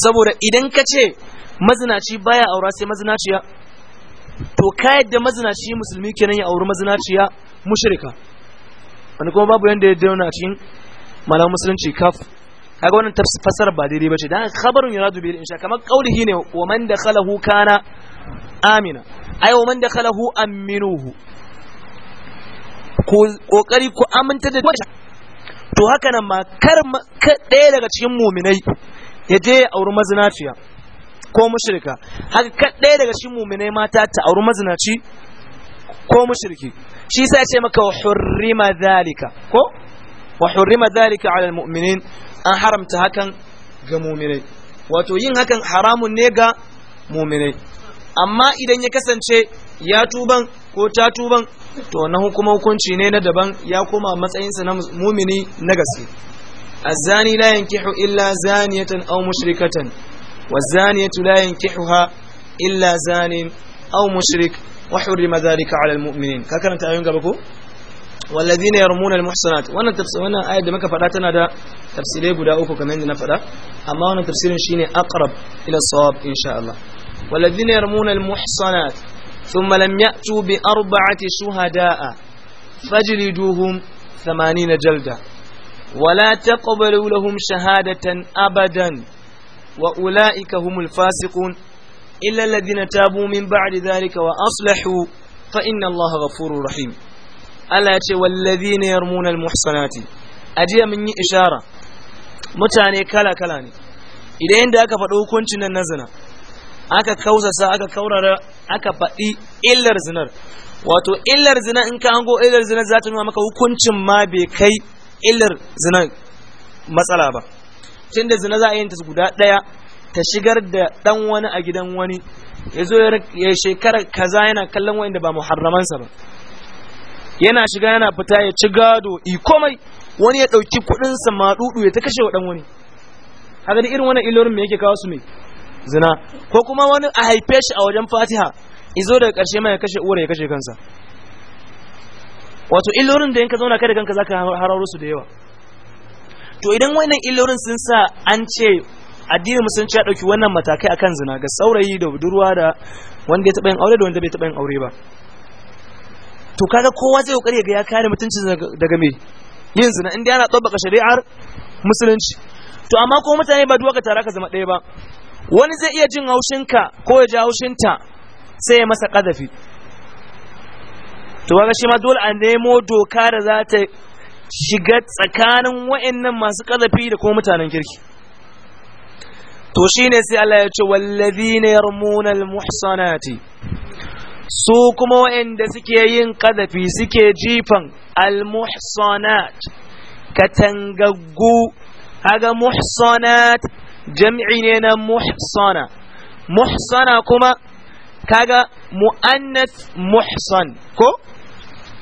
saboda idan ka ce mazinaci baya aura sai mazinaciya to ka yadda mazinaci musulmi kenan ya auri mazinaciya mushrika wani kuma babu yanda ya dauna a cikin malam musulunci kaf kaga wannan fasar ba daidai bace dan khabarun yuradu bil insha kamar qaulihi ne wa man dakhalahu kana amina ai wa man dakhalahu aminuhu ko kokari ku aminta da to haka nan ma kar ɗaya daga cikin muminai ya je ya auri mazinaciya ko mushrika haka kaɗai daga cikin muminai mata ta auri mazinaci ko mushriki shi sai ce maka wa hurrima zalika ko wa hurrima zalika ala almu'minin an haramta hakan ga mumine wato yin hakan haramun ne ga mumine amma idan ya kasance ya tuban ko ta tuban to wannan hukuma hukunci ne na daban ya koma matsayinsa na mumini na gaske الزاني لا ينكح إلا زانية أو مشركة والزانية لا ينكحها إلا زان أو مشرك وحرم ذلك على المؤمنين كاكرنت آيون قبكو والذين يرمون المحصنات وانا تفسير وانا آية دمك فراتنا دا تفسيري بدا أوكو كمان دنا أما وانا تفسير شيني أقرب إلى الصواب إن شاء الله والذين يرمون المحصنات ثم لم يأتوا بأربعة شهداء فاجلدوهم ثمانين جلدة ولا تقبلوا لهم شهادة أبداً wa ula'ika humul fasiqun illa alladhina tabu min ba'di dhalika wa aslahu fa inna allaha ghafurur rahim Allah ya ce walladhina yarmuna almuhsanati ajiya mun yi ishara mutane kala kala ne idan yanda aka faɗo hukuncin nan na zina aka kausasa aka kaurara aka faɗi illar zinar wato illar zina in ka hango illar zina za nuna maka hukuncin ma bai kai illar zinar matsala ba tunda zina za a yin ta guda ɗaya ta shigar da ɗan wani a gidan wani ya zo ya shekara kaza yana kallon wa'inda ba muharramansa ba yana shiga yana fita ya ci gado i komai wani ya ɗauki kuɗinsa maɗuɗu ya ta kashe wa ɗan wani haka da irin wani ilorin me yake kawo su mai zina ko kuma wani a haife shi a wajen fatiha izo daga ƙarshe mai ya kashe uwar ya kashe kansa wato ilorin da yanka zauna kai da kanka zaka hararo su da yawa to idan wannan illorin sun sa an ce addinin musulunci ya dauki wannan matakai akan zina ga saurayi da budurwa da wanda ya taba yin aure da wanda bai taba yin aure ba to kaga kowa zai kokari ga ya kare mutuncin daga me yin zina inda yana tsabbaka shari'ar musulunci to amma ko mutane ba ka tara ka zama ɗaya ba wani zai iya jin haushinka ko ya ji haushinta sai ya masa kadafi to kaga shi ma dole a nemo doka da za ta shiga tsakanin wa'annan masu kazafi da kuma mutanen kirki to shine sai Allah ya ce wallazina yarmuna muhsanati su kuma wa'anda suke yin kazafi suke jifan almuhsanat katangaggu haga muhsanat jam'i ne na muhsana muhsana kuma kaga mu'annas muhsan ko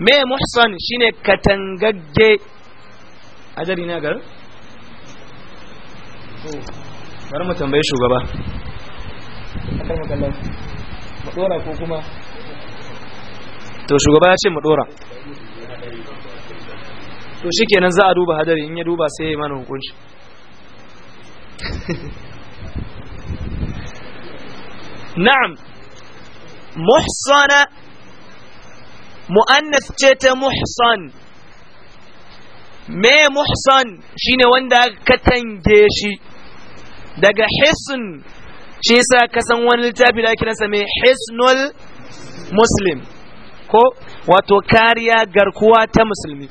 me muhsan shine katangagge ajali na gar to bari mu tambaye shugaba akan magallan mu dora ko kuma to shugaba ya ce mu dora to shikenan za a duba hadari in ya duba sai ya mana hukunci na'am muhsana mu'annas ce ta muhsan me muhsan shine wanda ka tange shi daga hisin shi yasa ka san wani littafi da kiransa mai hisnul muslim ko wato kariya garkuwa ta musulmi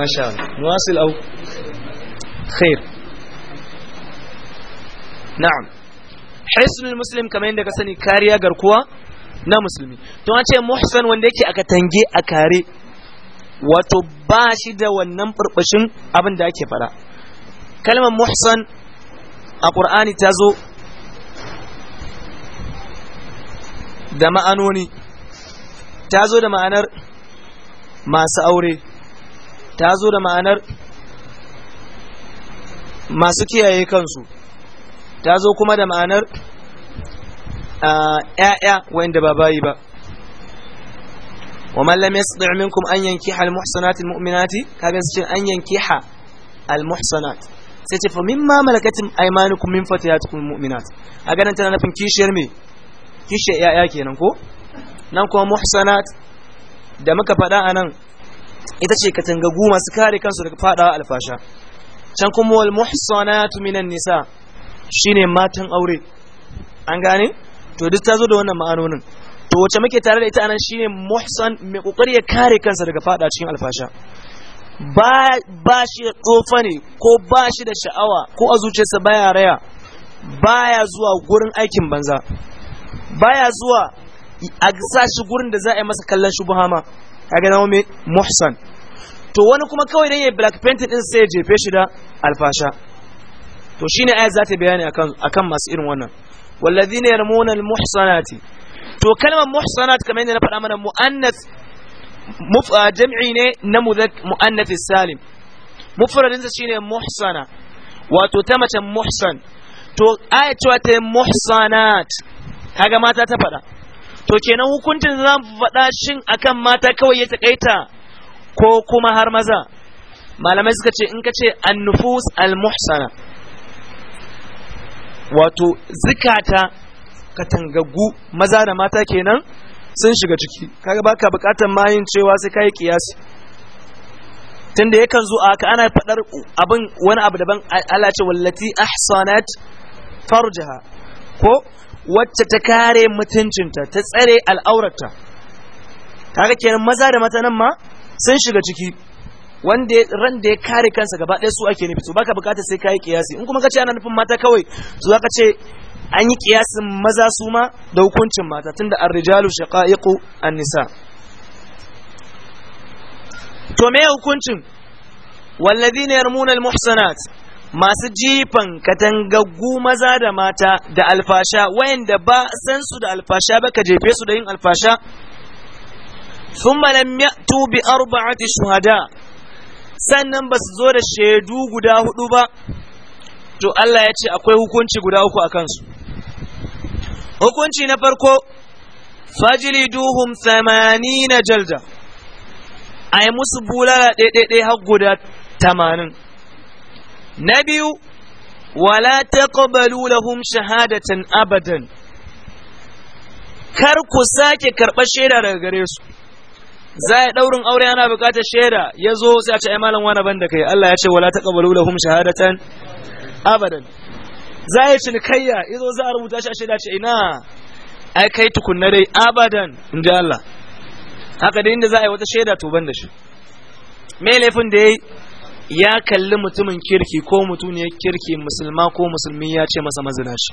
ما شاء الله نواصل أو خير نعم حسن المسلم كما عندك سني كاريا na musulmi to muhsan wanda yake aka tange a wato ba shi da wannan burbushin abin da ake fara kalmar muhsan a ƙur'ani ta zo da ma'anoni ta zo da ma'anar masu aure ta zo da ma'anar masu kiyaye kansu ta zo kuma da ma'anar ‘ya'ya wanda ba bayi ba wa mallam ya tsaɗi minkum an yanki al-muhsanat al-mu'minati kaga su an yanki ha al sai ce fa min ma malakatin aimanukum min fatiyatukum mu'minat a ganin tana nufin kishiyar me kishiyar ‘ya'ya kenan ko nan kuma muhsanat da muka faɗa a nan ita ce katangagu masu kare kansu daga fadawa alfasha can kuma wal muhsanatu minan nisa shine matan aure an gane to duk ta zo da wannan ma'anonin to wace muke tare da ita anan shine muhsan mai kokari ya kare kansa daga fada cikin alfasha ba ba shi da tsofa ne ko ba shi da sha'awa ko a zuciyarsa baya raya baya zuwa gurin aikin banza baya zuwa a sa shi gurin da za a yi masa kallon shubha ma kaga zama mai muhsan to wani kuma kawai dan yayi black painting din sai jefe shi da alfasha to shine ayat za ta bayani akan akan masu irin wannan wallazina yarmuna almuhsanati to kalmar muhsanat kamar yadda na faɗa mana muannas ah, jam'i ne na muannas salim mufradin sa shine muhsana wato ta mace muhsan to ayat cewa ta muhsanat kaga mata ta faɗa to kenan hukuncin za mu faɗa shin akan mata kawai ya takaita ko kuma har maza malamai suka ce in ka ce annufus almuhsana wato zikata katangagu maza da mata kenan sun shiga ciki kaga baka bukatar mayin cewa sai kai kiyasi tunda yakan zo aka ana fadar abin wani abu daban Allah ce wallati ahsanat farjaha ko wacce ta kare mutuncinta ta tsare al'aurarta kaga kenan maza da mata nan ma sun shiga ciki wanda ran da ya kare kansa gaba ɗaya su ake nufi to baka bukata sai kayi kiyasi in kuma kace ana nufin mata kawai to zaka ce an yi kiyasin maza su ma da hukuncin mata tunda ar-rijalu shaqa'iqu an-nisa to me hukuncin yarmuna al-muhsanat masu jifan katangaggu maza da mata da alfasha wayanda ba san su da alfasha ba ka jefe su da yin alfasha thumma lam ya'tu bi arba'ati shuhada sannan ba su zo da shaidu guda hudu ba to Allah ya ce akwai hukunci guda uku a kansu hukunci na farko fajliduhum 80 jalda ai musu bulala ɗaiɗaiɗai har guda tamanin. na biyu wala taqbalu lahum shahadatan abadan kar ku sake karɓar shaida daga gare su za a ɗaurin aure ana buƙatar shaida ya zo sai a ce ai malam wani ban da kai Allah ya ce wala taqbalu lahum shahadatan abadan za a yi cinikayya ya zo za a rubuta shi a shaida ce ina ai kai tukunna dai abadan in ji Allah haka da inda za a yi wata shaida to ban da shi me laifin da yayi ya kalli mutumin kirki ko mutuniyar kirki musulma ko musulmi ya ce masa mazina shi.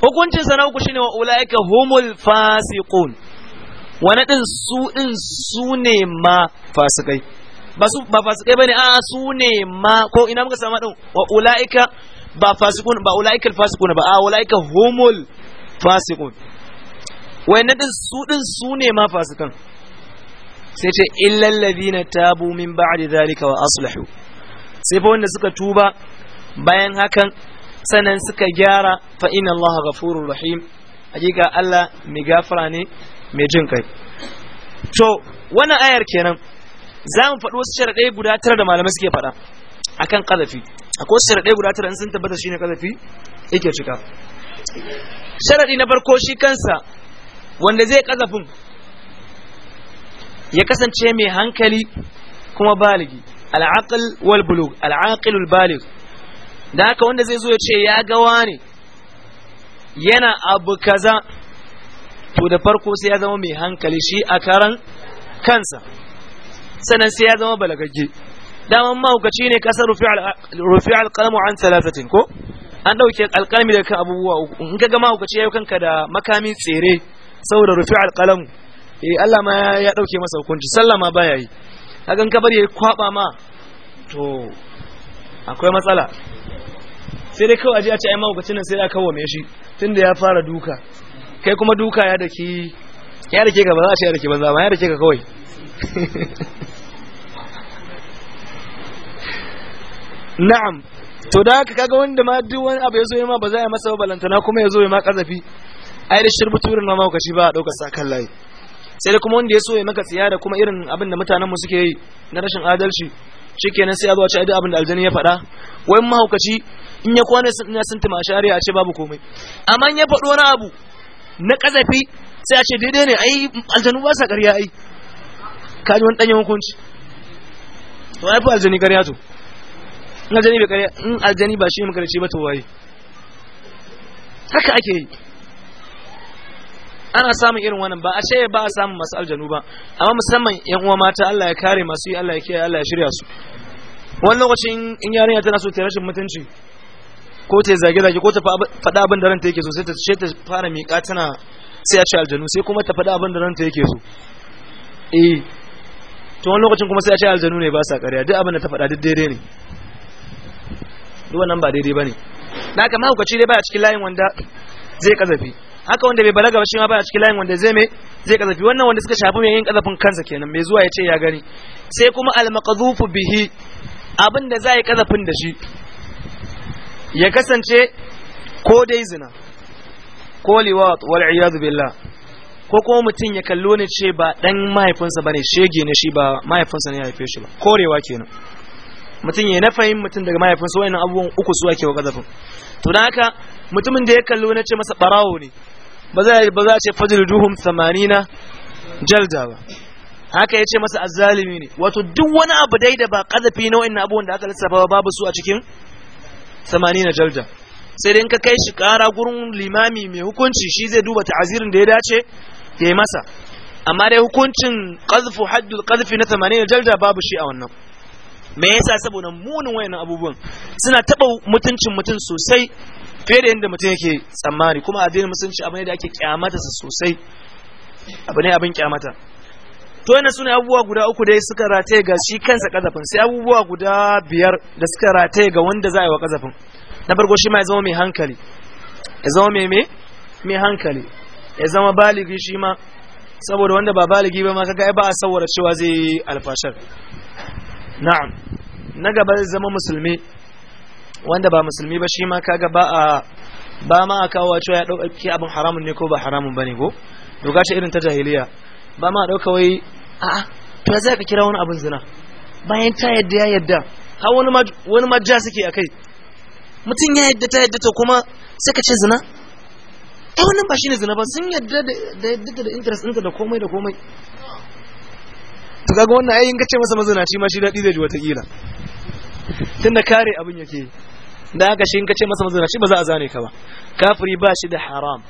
hukuncin sana uku shine wa ulaika humul fasiqun wani din su din su ne ma fasikai ba su ba fasikai bane a su ne ma ko ina muka samu din wa ulaika ba fasikun ba ulaika fasikun ba a ulaika humul fasiqun Wani din su din su ne ma fasikan sai ce illal ladina tabu min ba'di zalika wa aslahu sai fa wanda suka tuba bayan hakan sannan suka gyara fa inna Allah ghafurur rahim hakika Allah mai gafara ne mai jin kai to wannan ayar kenan za mu faɗi wasu sharaɗai guda tara da malamai suke faɗa akan kazafi akwai wasu sharaɗai guda tara in sun tabbata shine kazafi yake cika sharaɗi na farko shi kansa wanda zai kazafin ya kasance mai hankali kuma baligi al'aql wal bulug al'aqil wal balig da haka wanda zai zo ya ce ya ga wani yana abu kaza to da farko sai ya zama mai hankali shi a karan kansa sannan sai ya zama balagagge daman mahaukaci ne kasar rufi alƙalamu an talafatin ko an ɗauke alƙalami daga kan abubuwa uku in ka ga mahaukaci ya yi kanka da makamin tsere saboda rufi alƙalamu eh Allah ma ya dauke masa hukunci sallah ma baya yi hakan ka bari ya kwaba ma to akwai matsala sai dai kawai aje a ce ai mahaukacin nan sai da kawo me shi tunda ya fara duka kai kuma duka ya dake ya dake ka ba za a ce ya dake ba za ma ya dake ka kawai na'am to da haka kaga wanda ma duk wani abu ya zo ma ba za a masa ba balantana kuma ya zo ma kazafi ai da shirbuturin ma mahaukaci ba a ɗaukar sa kan layi sai da kuma wanda ya so ya maka tsiya da kuma irin abin da mutanen mu suke yi na rashin adalci shikenan sai a zo a ce duk abin da aljani ya faɗa wai mahaukaci in ya kwana sun ya sunta mashari a ce babu komai amma in ya faɗo wani abu na kazafi sai a ce daidai ne ai aljanu ba sa ƙarya ai ka ji wani ɗanyen hukunci to ai fa aljani ƙarya to in aljani bai ƙarya in aljani ba shi makarci ba to waye haka ake yi ana samun irin wannan ba a ce ba a samun masu aljanu ba amma musamman yan uwa mata Allah ya kare masu yi Allah ya kiyaye Allah ya shirya su wani lokacin in yarinya tana so ta rashin mutunci ko ta zage zage ko ta faɗa abin da ranta yake so sai ta ce ta fara miƙa tana sai a ce aljanu sai kuma ta faɗa abin da ranta yake so eh to wani lokacin kuma sai a ce aljanu ne ba sa ƙarya duk abin da ta faɗa duk daidai ne duk wannan ba daidai bane da haka mahaukaci dai baya cikin layin wanda zai kazafi haka wanda bai balaga ba shi ma a cikin layin wanda zai me zai kazafi wannan wanda suka shafi mai yin kazafin kansa kenan mai zuwa ya ce ya gani sai kuma al bihi abin da za yi kazafin da shi ya kasance ko dai zina ko liwat wal iyad billah ko kuma mutum ya kallo ne ce ba dan mahaifinsa bane shege ne shi ba mahaifinsa ne ya haife shi ba korewa kenan mutum ya na fahimta mutum daga mahaifinsa wayannan abubuwan uku su ake wa kazafin to dan haka mutumin da ya kallo na ce masa barawo ne ba za a ce fajir duhun samanina jalda ba haka ya ce masa azalimi ne wato duk wani abu dai da ba kazafi na wa'annan abubuwan da aka lissafa babu su a cikin samanina jalda sai dai in ka kai shi kara gurin limami mai hukunci shi zai duba ta'azirin da ya dace ya yi masa amma dai hukuncin qazfu haddul kazafi na samanina jalda babu shi a wannan me yasa saboda munin wayannan abubuwan suna taba mutuncin mutum sosai fiye da yadda mutum yake tsammani kuma addinin musulunci abu ne da ake kyamata su sosai abu ne abin kyamata to yana suna abubuwa guda uku da suka rataye ga shi kansa kazafin sai abubuwa guda biyar da suka rataye ga wanda za a yi wa kazafin na farko shi ma ya zama mai hankali ya zama mai mai hankali ya zama baligi shi ma saboda wanda ba baligi ba ma kaga ba a saurara cewa zai yi alfashar na'am na gaba zama musulmi wanda ba musulmi ba shi ma kaga ba a ba ma a kawo cewa ya dauki abin haramun ne ko ba haramun bane ko doka ce irin ta jahiliya ba ma a dauka wai a to zai ka kira wani abin zina bayan ta yadda ya yadda ha wani ma wani ma ja suke akai mutum ya yadda ta yadda to kuma sai ka ce zina ai eh, wannan ba shine zina ba sun yadda da yadda da interest ɗinka da komai da komai to kaga wannan ai in ka ce masa mazinaci ma shi daɗi zai ji wata kila tunda kare abin yake da haka shi in ka ce masa mazinaci ba za a zane ka ba kafiri ba shi da haram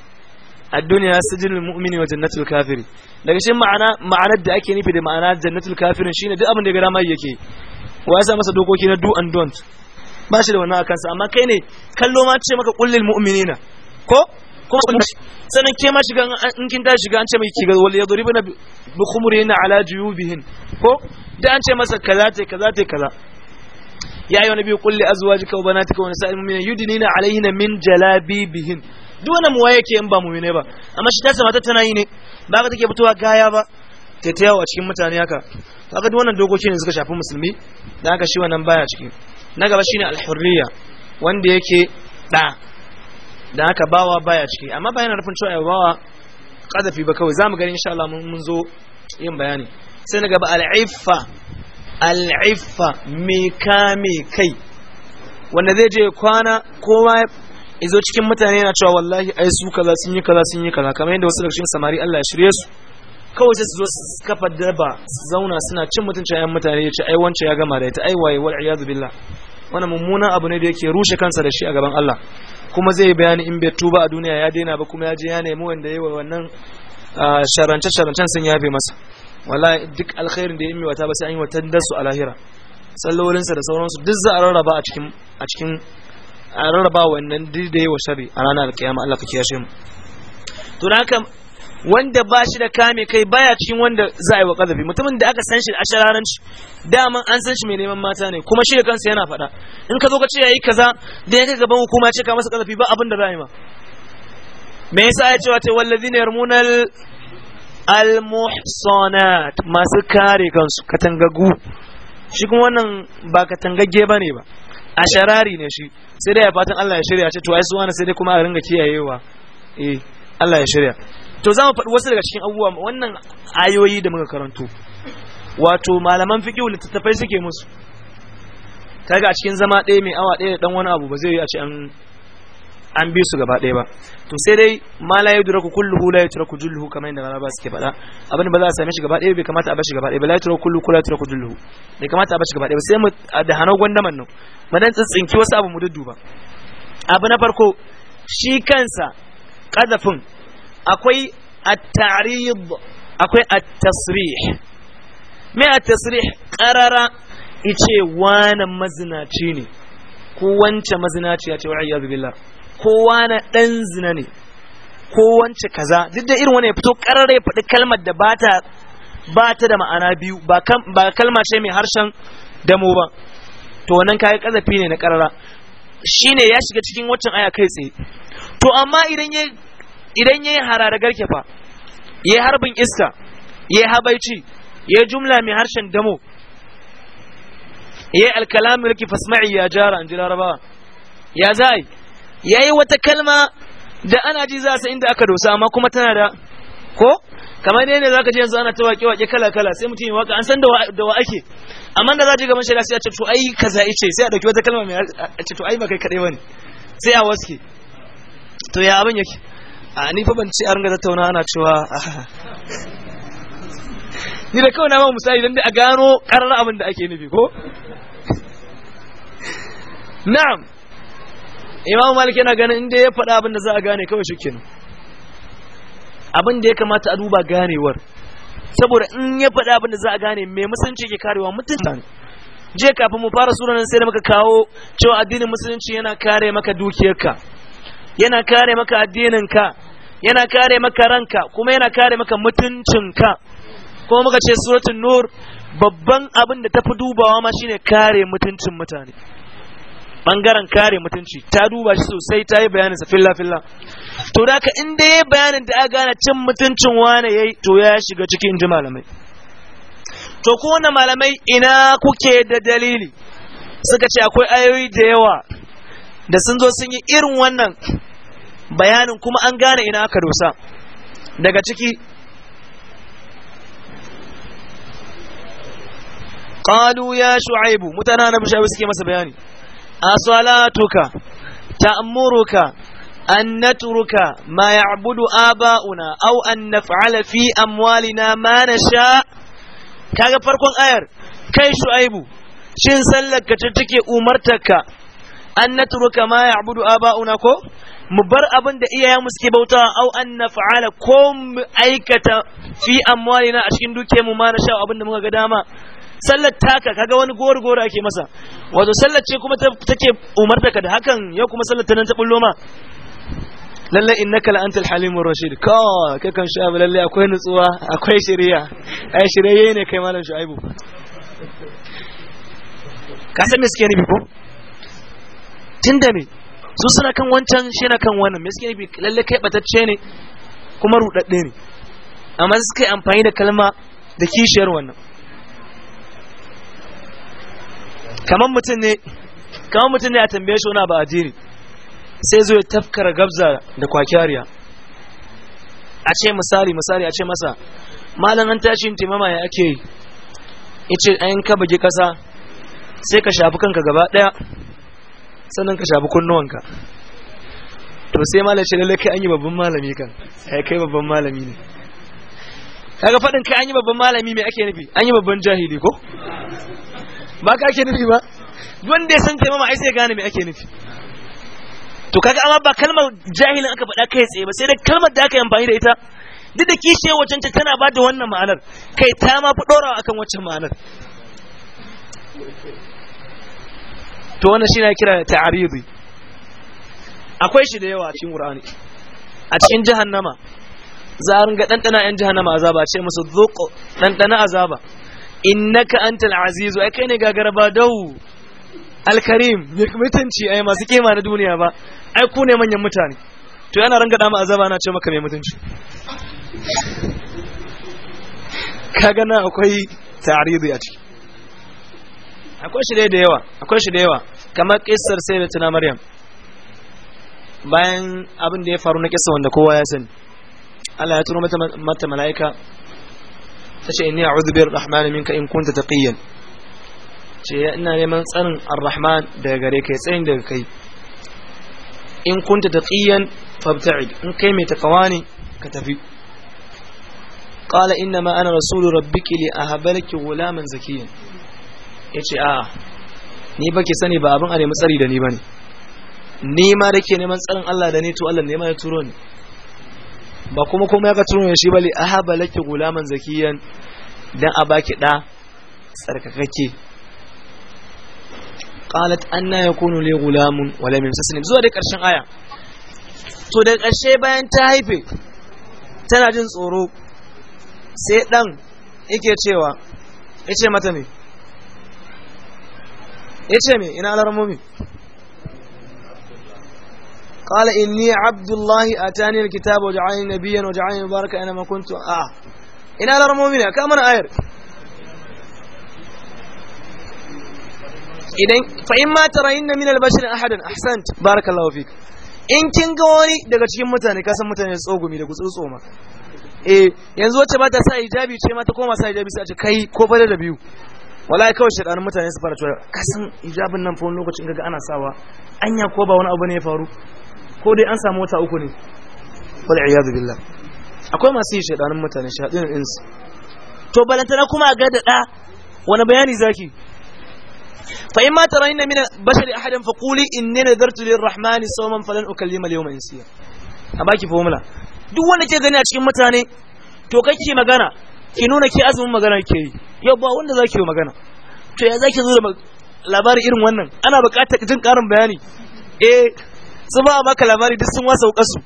الدنيا mu'mini wa jannatul kafiri. daga shi ma'ana ma'anar da ake nufi da ma'ana jannatul kafirin shine duk abin da gara mai yake wa ya sa masa dokoki na do and don't ba shi da wannan akan sa amma kai ne kallo ma ce maka kullil mu'minina ko ko sanan ke ma shiga in kin ta shiga an ce mai kiga wal yadribuna bi khumurina ala juyubihin ko da an ce masa kaza ce kaza ce kaza يا biyu النبي قل li وبناتك ونساء المؤمنين يدنين عليهن من جلابيبهن alayhinna min jalabibihin duk wannan muwaye yake in ba mu ne ba amma shi ta sama tana yi ne ba ka take fitowa gaya ba ta ta yawo a cikin mutane haka kaga duk wannan dokoki ne suka shafi musulmi dan haka shi wannan baya ciki na gaba shine al-hurriya wanda yake da dan haka bawa baya ciki amma ba yana nufin cewa bawa kadafi ba kawai zamu gani insha Allah mun zo yin bayani sai na gaba al al'iffa mai kame kai wanda zai je kwana kowa izo cikin mutane yana cewa wallahi ai su kaza sun yi kaza sun yi kaza kamar yadda wasu daga cikin samari Allah ya shirye su kawai sai su zo su kafa daba su zauna suna cin mutuncin ayan mutane ya ce ai wance ya gama da ita ai waye wal iyadu billah wannan mummunan abu ne da yake rushe kansa da shi a gaban Allah kuma zai bayani in bai tuba a duniya ya daina ba kuma ya je ya nemi wanda yayi wannan ah, sharance sharancen sun yafe masa wallahi duk alkhairin da ya yi wata ba sai an yi wa dasu a lahira sallolinsa da sauransu duk za a rarraba a cikin a cikin a rarraba wannan duk da yawa shari a ranar alkiyama Allah ka kiyashe mu to da haka wanda ba shi da kame kai baya cikin wanda za a yi wa kazafi mutumin da aka san shi a shararanci daman an san shi mai neman mata ne kuma shi da kansa yana faɗa in ka zo ka ce yayi kaza da ya kai gaban hukuma ce ka masa kazafi ba abin da za a yi ma me yasa ya ce wa ta ne yarmunal al-muhsanat masu kare kansu katangagu shi kuma wannan ba katangagge bane ba a sharari ne shi sai dai ya fatan Allah ya shirya ce to ai su wani sai dai kuma a ringa kiyayewa eh Allah ya shirya to za mu faɗi wasu daga cikin abubuwa wannan ayoyi da muka karanto wato malaman fiqh littattafai suke musu kaga a cikin zama ɗaya mai awa ɗaya da dan wani abu ba zai yi a ce an an bi su gaba ɗaya ba to sai dai ma la yudraku kulluhu la yutraku julluhu kamar yadda ba suke faɗa abin ba za a same shi gaba ɗaya bai kamata a bashi gaba ɗaya ba la yudraku kulluhu la yutraku julluhu bai kamata a bashi gaba ɗaya ba sai mu da hanan gwandaman nan mu dan tsintsinki wasu abu mu dudduba abu na farko shi kansa kadafin akwai at-ta'rid akwai at-tasrih me at-tasrih qarara ice wani mazinaci ne ko wance mazinaci ya ce wa'iyadu billah kowa na ɗan zina ne ko wance kaza duk da irin wani ya fito karare ya faɗi kalmar da bata ba ta da ma'ana biyu ba kalma ce mai harshen damo ba to wannan kayi kazafi ne na ƙarara shine ya shiga cikin waccan aya kai tsaye to amma idan ya idan yayi harara garke fa yayi harbin iska yayi habaici yayi jumla mai harshen damo yayi alkalamu laki fasma'i ya jara an ji larabawa ya zai yayi wata kalma da ana ji za su inda aka dosa amma kuma tana da ko kamar ne za ka ji yanzu ana ta waƙe waƙe kala kala sai mutum ya waƙa an san da wa ake amma da za ji gaban shari'a sai a ce to ai kaza ice sai a dauki wata kalma mai a ce to ai ba kai kadai bane sai a waske to ya abin yake a ni fa ban ce a ringa tattauna ana cewa ni da kawai na ma misali dan da a gano karar abin da ake nufi ko na'am imam malik yana ganin inda ya faɗa abin da za a gane kawai shikenan abin da ya kamata a duba ganewar saboda in ya faɗa abin da za a gane mai musulunci ke karewa mutunta ne je kafin mu fara sura nan sai da muka kawo cewa addinin musulunci yana kare maka dukiyarka yana kare maka addininka yana kare maka ranka kuma yana kare maka mutuncinka kuma muka ce suratul nur babban abin da tafi dubawa ma shine kare mutuncin mutane bangaren kare mutunci ta duba shi sosai ta yi bayanin sa filla filla to da ka inda ya bayanin da aka gane cin mutuncin wane yayi to ya shiga cikin inji malamai to ko na malamai ina kuke da dalili suka ce akwai ayoyi da yawa da sun zo sun yi irin wannan bayanin kuma an gane ina aka dosa daga ciki قالوا يا شعيب متنا نبي شعيب suke masa bayani. asalatuka ta'muruka an natruka ma ya'budu aba'una aw an naf'ala fi amwalina ma nasha kaga farkon ayar kai shu'aibu shin sallar ka ce take umartarka an natruka ma ya'budu aba'una ko mu bar abin da iyaye mu suke bautawa au an naf'ala ko mu aikata fi amwalina a cikin dukiyar mu ma na sha abin da muka ga dama sallar taka kaga wani gori-gori ake masa wato sallar ce kuma take umarta ka da hakan yau kuma sallar ta nan ta bullo ma lalle innaka la'antal halimur rashid ka kakan kan sha lalle akwai nutsuwa akwai shari'a ai shari'a ne kai malam shu'aibu ka san me suke nufi ko tunda ne, su suna kan wancan shi na kan wannan me suke nufi lalle kai batacce ne kuma rudadde ne amma su kai amfani da kalma da kishiyar wannan kamar mutum ne kamar mutum ne a tambaye shi wani abu addini sai zo ya tafkara gabza da kwakiyariya a ce misali misali a ce masa malam an tashi yin taimama ya ake yi ya ce an ka bugi kasa sai ka shafi kanka gaba daya sannan ka shafi kunnuwanka to sai malam ce lallai kai an yi babban malami kan sai kai babban malami ne kaga faɗin kai an yi babban malami me ake nufi an yi babban jahili ko ba ka ake nufi ba wanda ya san taimama ai sai gane me ake nufi to kaga amma ba kalmar jahilin aka faɗa kai tsaye ba sai da kalmar da aka yi amfani da ita duk da wajen waccan tana ba da wannan ma'anar kai ta ma fi ɗorawa akan waccan ma'anar to wannan shi na kira ta'aridi akwai shi da yawa a cikin qur'ani a cikin jahannama za a ringa ɗanɗana 'yan jahannama azaba ce musu zuƙo ɗanɗana azaba innaka antal azizu ai kai ne gagarba dau alkarim mai mutunci ai masu kima na duniya ba ai ku ne manyan mutane to yana ranga mu azaba ana ce maka mai mutunci kaga na akwai ta'aridi a ciki akwai shi da yawa akwai shi da yawa kamar kissar sai tuna maryam bayan abin da ya faru na kissa wanda kowa ya sani Allah ya turo mata mala'ika ta ce inni a'udhu bir rahman minka in kunta taqiyan ce ina neman tsarin ar-rahman daga gare kai tsayin daga kai in kunta taqiyan fabta'id in kai mai takawa ne ka tafi qala inna ma ana rasulu rabbiki li ahbalaki gulaman zakiyan yace a ni baki sani ba abin are nemi tsari da ni bane ni ma dake neman tsarin Allah da ni to Allah ne ma ya turo ni ba kuma kuma ya ka turmi shi a haɓa laki gulaman zakiyan don a baki ƙalat an na ya yakunu li gulamun walamin lam ne, zuwa dai ƙarshen aya to da ƙarshe bayan ta haife tana jin tsoro sai ɗan yake cewa ce mata me ce me ina alarmomi قال إني عبد الله أتاني الكتاب وجعلني نبيا وجعلني مباركا أنا ما كنت آه إن على رمومنا كم أنا آير idan fa in ma tarayinna min al-bashar ahadan ahsant in kin ga wani daga cikin mutane ka san mutane su tsogumi da gutsu tsoma eh yanzu wacce ba ta sa hijabi ce ma ta koma sa hijabi sai a ce kai ko fa da biyu wallahi kawai shedanin mutane su fara cewa ka san hijabin nan fa wani lokacin kaga ana sawa anya ko ba wani abu ne ya faru ko dai an samu wata uku ne wal iyadu billah akwai masu yi shaidanin mutane shaɗin insu to balantana kuma ga da ɗa wani bayani zaki fa in ma tarayna min bashari ahadan fa quli inni nadartu lirrahmani sawman falan ukallima al in insiya a baki formula duk wanda ke gani a cikin mutane to kake magana ki nuna ke azumin magana ke yi yau ba wanda zaki yi magana to ya zaki zo da labari irin wannan ana buƙatar jin ƙarin bayani eh su ba maka labari duk sun wasa su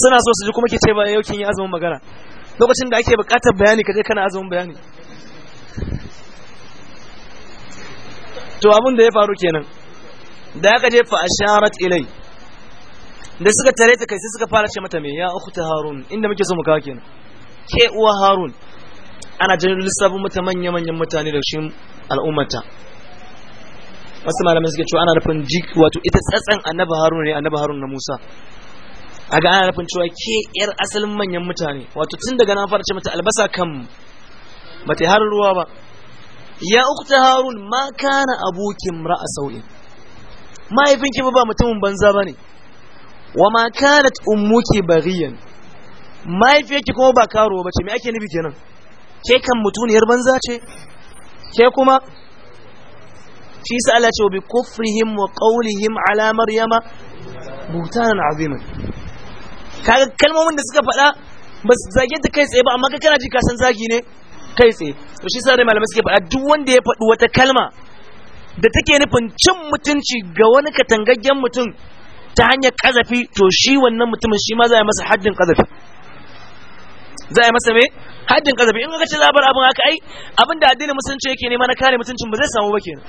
suna so su ji kuma ke ce ba yau kin yi azumin magana lokacin da ake buƙatar bayani kaje kana azumin bayani to abin da ya faru kenan da aka je fa asharat ilai da suka tare ta kai sai suka fara ce mata me ya ukhta harun inda muke so mu kawo kenan ke uwa harun ana jin lissafin mata manya manyan mutane da shi al'ummata wasu malamai suke cewa ana nufin jik wato ita tsatsan annabi haruna ne annabi haruna na musa a ga ana nufin cewa ke yar asalin manyan mutane wato tun daga nan fara ce mata albasa kan ba ta har ruwa ba ya ukta harun ma kana abokin ra'a mahaifin mahaifinki ba mutumin banza ba ne wa ma kanat ummuki Mahaifin mahaifiyarki kuma ba karo ba ce me ake nufi kenan ke kan mutuniyar banza ce ke kuma shi sa Allah ce bi kufrihim wa qawlihim ala maryama butanan azimin kaga kalmomin da suka faɗa ba su zage ta kai tsaye ba amma ka kana ji ka san zagi ne kai tsaye to shi sa da malamai suke faɗa duk wanda ya faɗi wata kalma da take nufin cin mutunci ga wani katangaggen mutum ta hanyar kazafi to shi wannan mutumin shi ma za a masa haddin kazafi za a masa me haddin kazafi in ka ce zabar abin haka ai abin da addinin musulunci yake nema na kare mutuncin ba zai samu ba kenan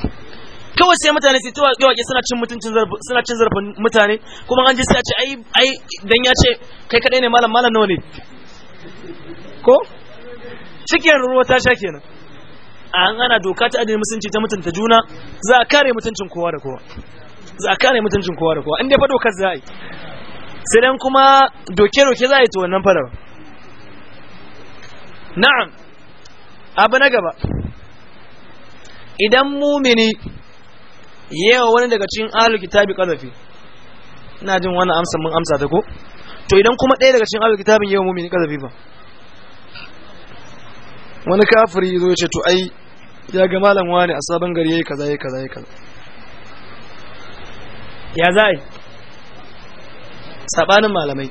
kawai sai mutane sai ta waƙe suna cin mutuncin suna cin zarafin mutane kuma an ji sai a ce ai ai dan ya ce kai kadai ne malam malam nawa ne ko cikin ruwa ta sha kenan an ana doka ta adini Musulunci ta mutunta juna za a kare mutuncin kowa da kowa za a kare mutuncin kowa da kowa inda fa dokar za a yi sai dan kuma doke-doke za a yi ta wannan fadar na'am abu na gaba idan mumini yewa wani daga cikin ahlul kitabi qadafi ina jin wannan amsa mun amsa ta ko to idan kuma ɗaya daga cikin ahlul kitabin yewa mu'mini qadafi ba. wani kafiri zo ya ce to ai ya ga malam wani a sabon gari yayi kaza yayi kaza yayi kaza ya zai sabanin malamai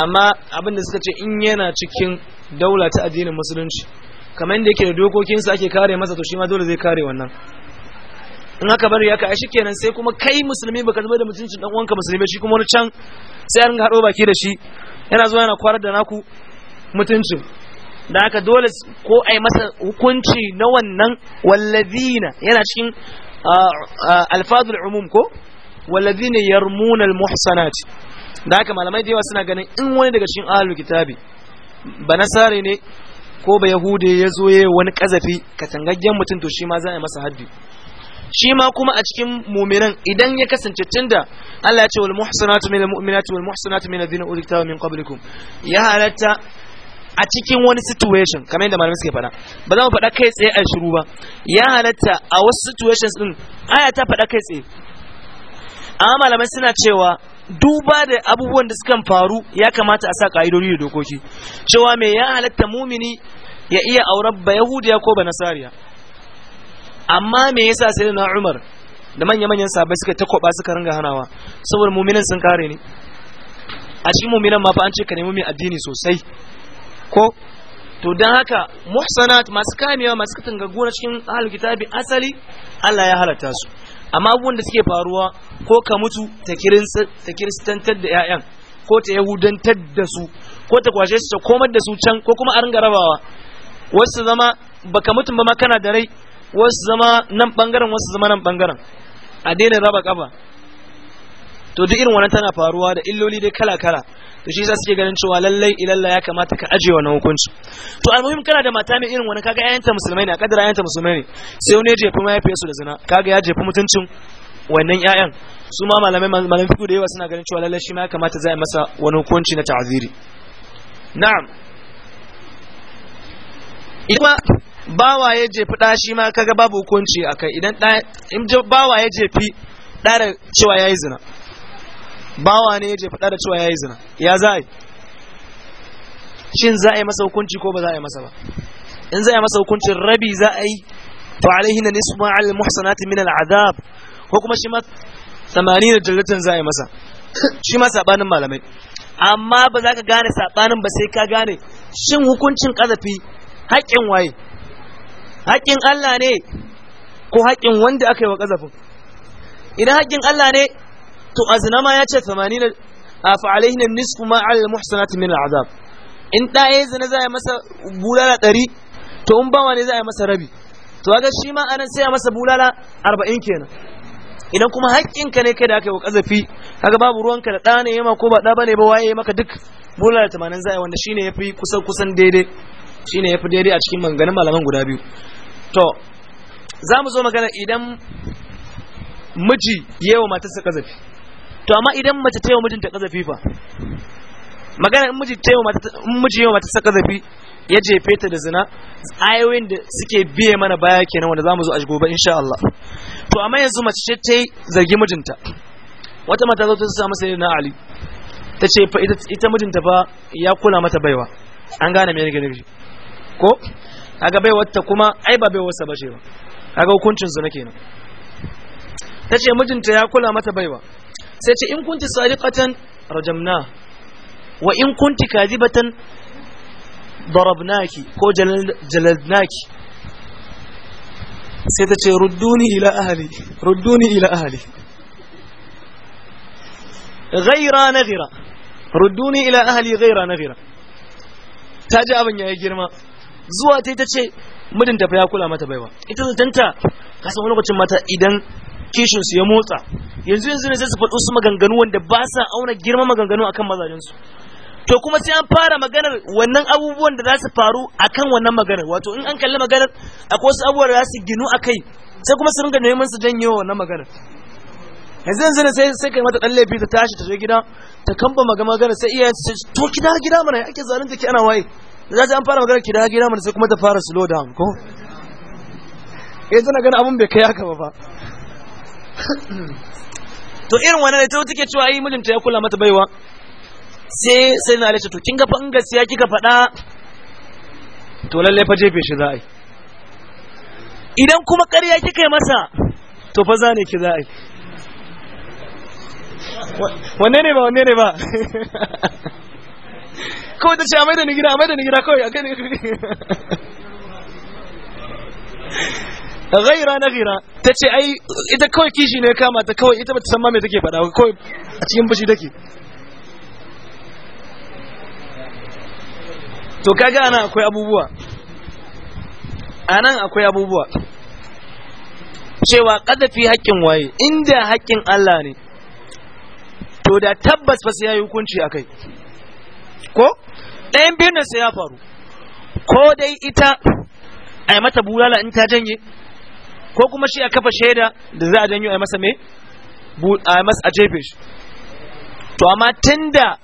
amma abin da suka ce in yana cikin daula ta addinin musulunci kamar yadda yake da dokokinsa ake kare masa to shi ma dole zai kare wannan in aka bari yaka ai kenan sai kuma kai musulmi baka zama da mutuncin dan uwanka musulmi shi kuma wani can sai an haɗo baki da shi yana zuwa yana kwarar da naku mutuncin da haka dole ko ai masa hukunci na wannan walladina yana cikin alfazul umum ko Yar yarmuna almuhsanat da haka malamai da yawa suna ganin in wani daga cikin ahlul kitabi ba nasare ne ko ba yahude ya zo yayi wani kazafi katangaggen mutum to shi ma za a yi masa haddi shi ma kuma a cikin muminan idan ya kasance tunda Allah ya ce wal muhsanatu minal mu'minati wal muhsanatu minal ladina uriktaw min qablikum ya halatta a cikin wani situation kamar yadda malamin suke fada ba za mu faɗa kai tsaye a shiru ba ya halatta a wasu situations din aya ta faɗa kai tsaye amma malamai suna cewa duba da abubuwan da sukan faru ya kamata a sa ka'idodi da dokoki cewa me ya halatta mumini ya iya auren ba yahudiya ko ba nasariya amma me yasa sai na Umar da manya-manyan sahabbai suka takwaba suka ringa hanawa saboda mu'minan sun kare ne a cikin mu'minan ma fa an ce ka nemi mai addini sosai ko to dan haka muhsanat masu kamewa masu katangagu gona cikin ahlul kitabi asali Allah ya halatta su amma abubuwan da suke faruwa ko ka mutu ta kiristantar da 'ya'yan ko ta yahudantar da su ko ta kwashe su ta komar da su can ko kuma a ringa rabawa wasu zama baka mutum ba ma kana da rai wasu zama nan bangaren wasu zama nan bangaren a daina raba kafa to duk irin wannan tana faruwa da illoli dai kala kala to shi yasa suke ganin cewa lallai ilalla ya kamata ka aje wannan hukunci to almuhim kana da mata mai irin wannan kaga ayyanta musulmai ne a kadar ayyanta musulmai ne sai wani ya jefi mahaifiyarsu da zina kaga ya jefi mutuncin wannan ƴaƴan su ma malamai malamai fiku da yawa suna ganin cewa lallai shi ma ya kamata za a masa wani hukunci na ta'ziri na'am ita bawa ya jefi ɗa shi ma kaga babu hukunci a kai idan bawa ya jefi ɗa da cewa ya yi zina bawa ne ya jefi ɗa da cewa ya yi zina ya za a yi shin za a yi masa hukunci ko ba za a yi masa ba in za a yi masa hukuncin rabi za a yi to alaihi na nisu ma al muhsanati min al azab ko kuma shi ma 80 da jallatin za a yi masa shi ma sabanin malamai amma ba za ka gane sabanin ba sai ka gane shin hukuncin kazafi haƙƙin waye haƙƙin Allah ne ko haƙƙin wanda aka yi wa ƙazafin idan haƙƙin Allah ne to azna ma ya ce 80 a alaihin nisfu ma al ta min al azab in da yayi zina za a masa bulala 100 to in ba wani za a masa rabi to ga shi ma anan sai a masa bulala 40 kenan idan kuma haƙƙin ka ne kai da aka yi wa ƙazafi kaga babu ruwanka da ɗa ne yema ko ba ɗa bane ba waye maka duk bulala 80 za a wanda shine yafi kusan kusan daidai shine yafi daidai a cikin maganganun malaman guda biyu to za mu zo magana idan miji yawa matarsa kazafi to amma idan mace ta yawa mijinta kazafi fa magana in miji ta yawa miji yawa matarsa kazafi ya jefe ta da zina ayoyin da suke biye mana baya kenan wanda za mu zo a gobe insha Allah to amma yanzu mace ce ta zargi mijinta wata mata zo ta samu sai na Ali ta ce fa ita mijinta fa ya kula mata baiwa an gane me ne ko kaga bai wata kuma ai ba bai wasa ce ba kaga hukuncin zina kenan tace mijinta ya kula mata baiwa sai ce in kunti sadiqatan rajamna wa in kunti kadibatan darabnaki ko jaladnaki sai ta ce rudduni ila ahli rudduni ila ahli ghaira nadira rudduni ila ahli ghaira nadira ta ji abin yayi girma zuwa ta ce mudin tafiya ya kula mata baiwa ita zantanta ka san wani lokacin mata idan kishin su ya motsa yanzu yanzu ne sai su faɗo su maganganu wanda ba sa auna girma maganganu akan mazajen su to kuma sai an fara maganar wannan abubuwan da za su faru akan wannan maganar wato in an kalli maganar akwai wasu abubuwan da za su ginu a kai sai kuma su ringa neman su wa wannan maganar yanzu yanzu ne sai sai kai mata ɗan laifi ta tashi ta je gida ta kamba maganar. sai yanzu su to gida gida mana ake zalunta ki ana waye da ta an fara magana ki da gida mana sai kuma ta fara slow down ko eh tana gani abun bai kai haka ba fa to irin wannan ne ta take cewa ai ta ya kula mata baiwa sai sai na lace to kin ga fa in gaskiya kika faɗa to lalle fa jefe shi za a yi idan kuma ƙarya kika yi masa to fa zane ki za a yi wanne ne ba wanne ne ba kawai ta ce amai da ni gida amai da ni gida kawai a kai ne na ghaira ta ce ai ita kawai kishi ne kama ta kawai ita ba ta san ma me take faɗa kawai a cikin bashi take to kaga anan akwai abubuwa anan akwai abubuwa cewa fi haƙƙin waye inda haƙƙin Allah ne to da tabbas fa sai yayi hukunci akai ko ɗayan biyun nan sai ya faru ko dai ita a yi mata bulala in ta janye ko kuma shi a kafa shaida da za a janyo a yi masa me a jefe shi to amma tun da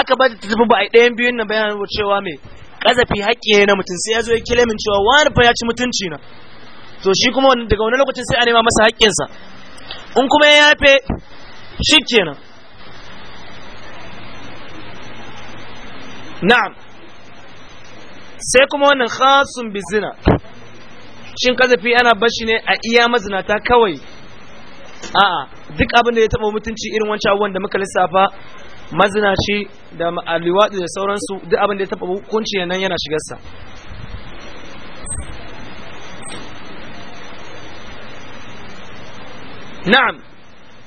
aka bata ta tafi ba a yi ɗayan biyun nan bayan cewa mai ƙazafi haƙƙi ne na mutum sai ya zo ya kila min cewa wani fa ya ci mutunci na to shi kuma daga wani lokacin sai a nema masa haƙƙinsa in kuma ya yafe shi kenan na'am sai kuma wannan khasun bizina shin kazafi ana bashi ne a iya mazinata kawai a'a duk abin da ya taba mutunci irin wancan abubuwan da muka lissafa mazinaci da liwaɗi da sauransu duk abin da ya taba hukunci nan yana shigarsa na'am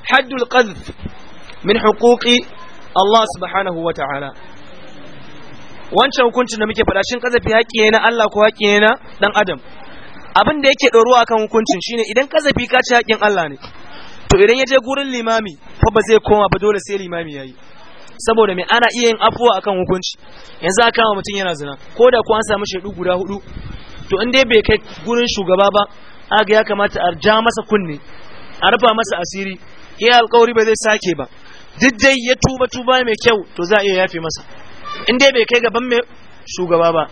haddul qadhf min huquqi Allah subhanahu wa ta'ala wancan hukuncin da muke faɗa shin kazafi haƙƙi ne na Allah ko haƙƙi ne na dan adam abin da yake ɗoruwa akan hukuncin shine idan kazafi ka ci haƙƙin Allah ne to idan ya je gurin limami fa ba zai koma ba dole sai limami yayi saboda me ana iya yin afuwa akan hukunci yanzu aka kama mutum yana zina ko da ko an samu shaidu guda hudu to in dai bai kai gurin shugaba ba aga ya kamata a ja masa kunne a rufa masa asiri iya alkawari ba zai sake ba duk dai ya tuba tuba mai kyau to za a iya yafe masa in dai bai kai gaban mai shugaba ba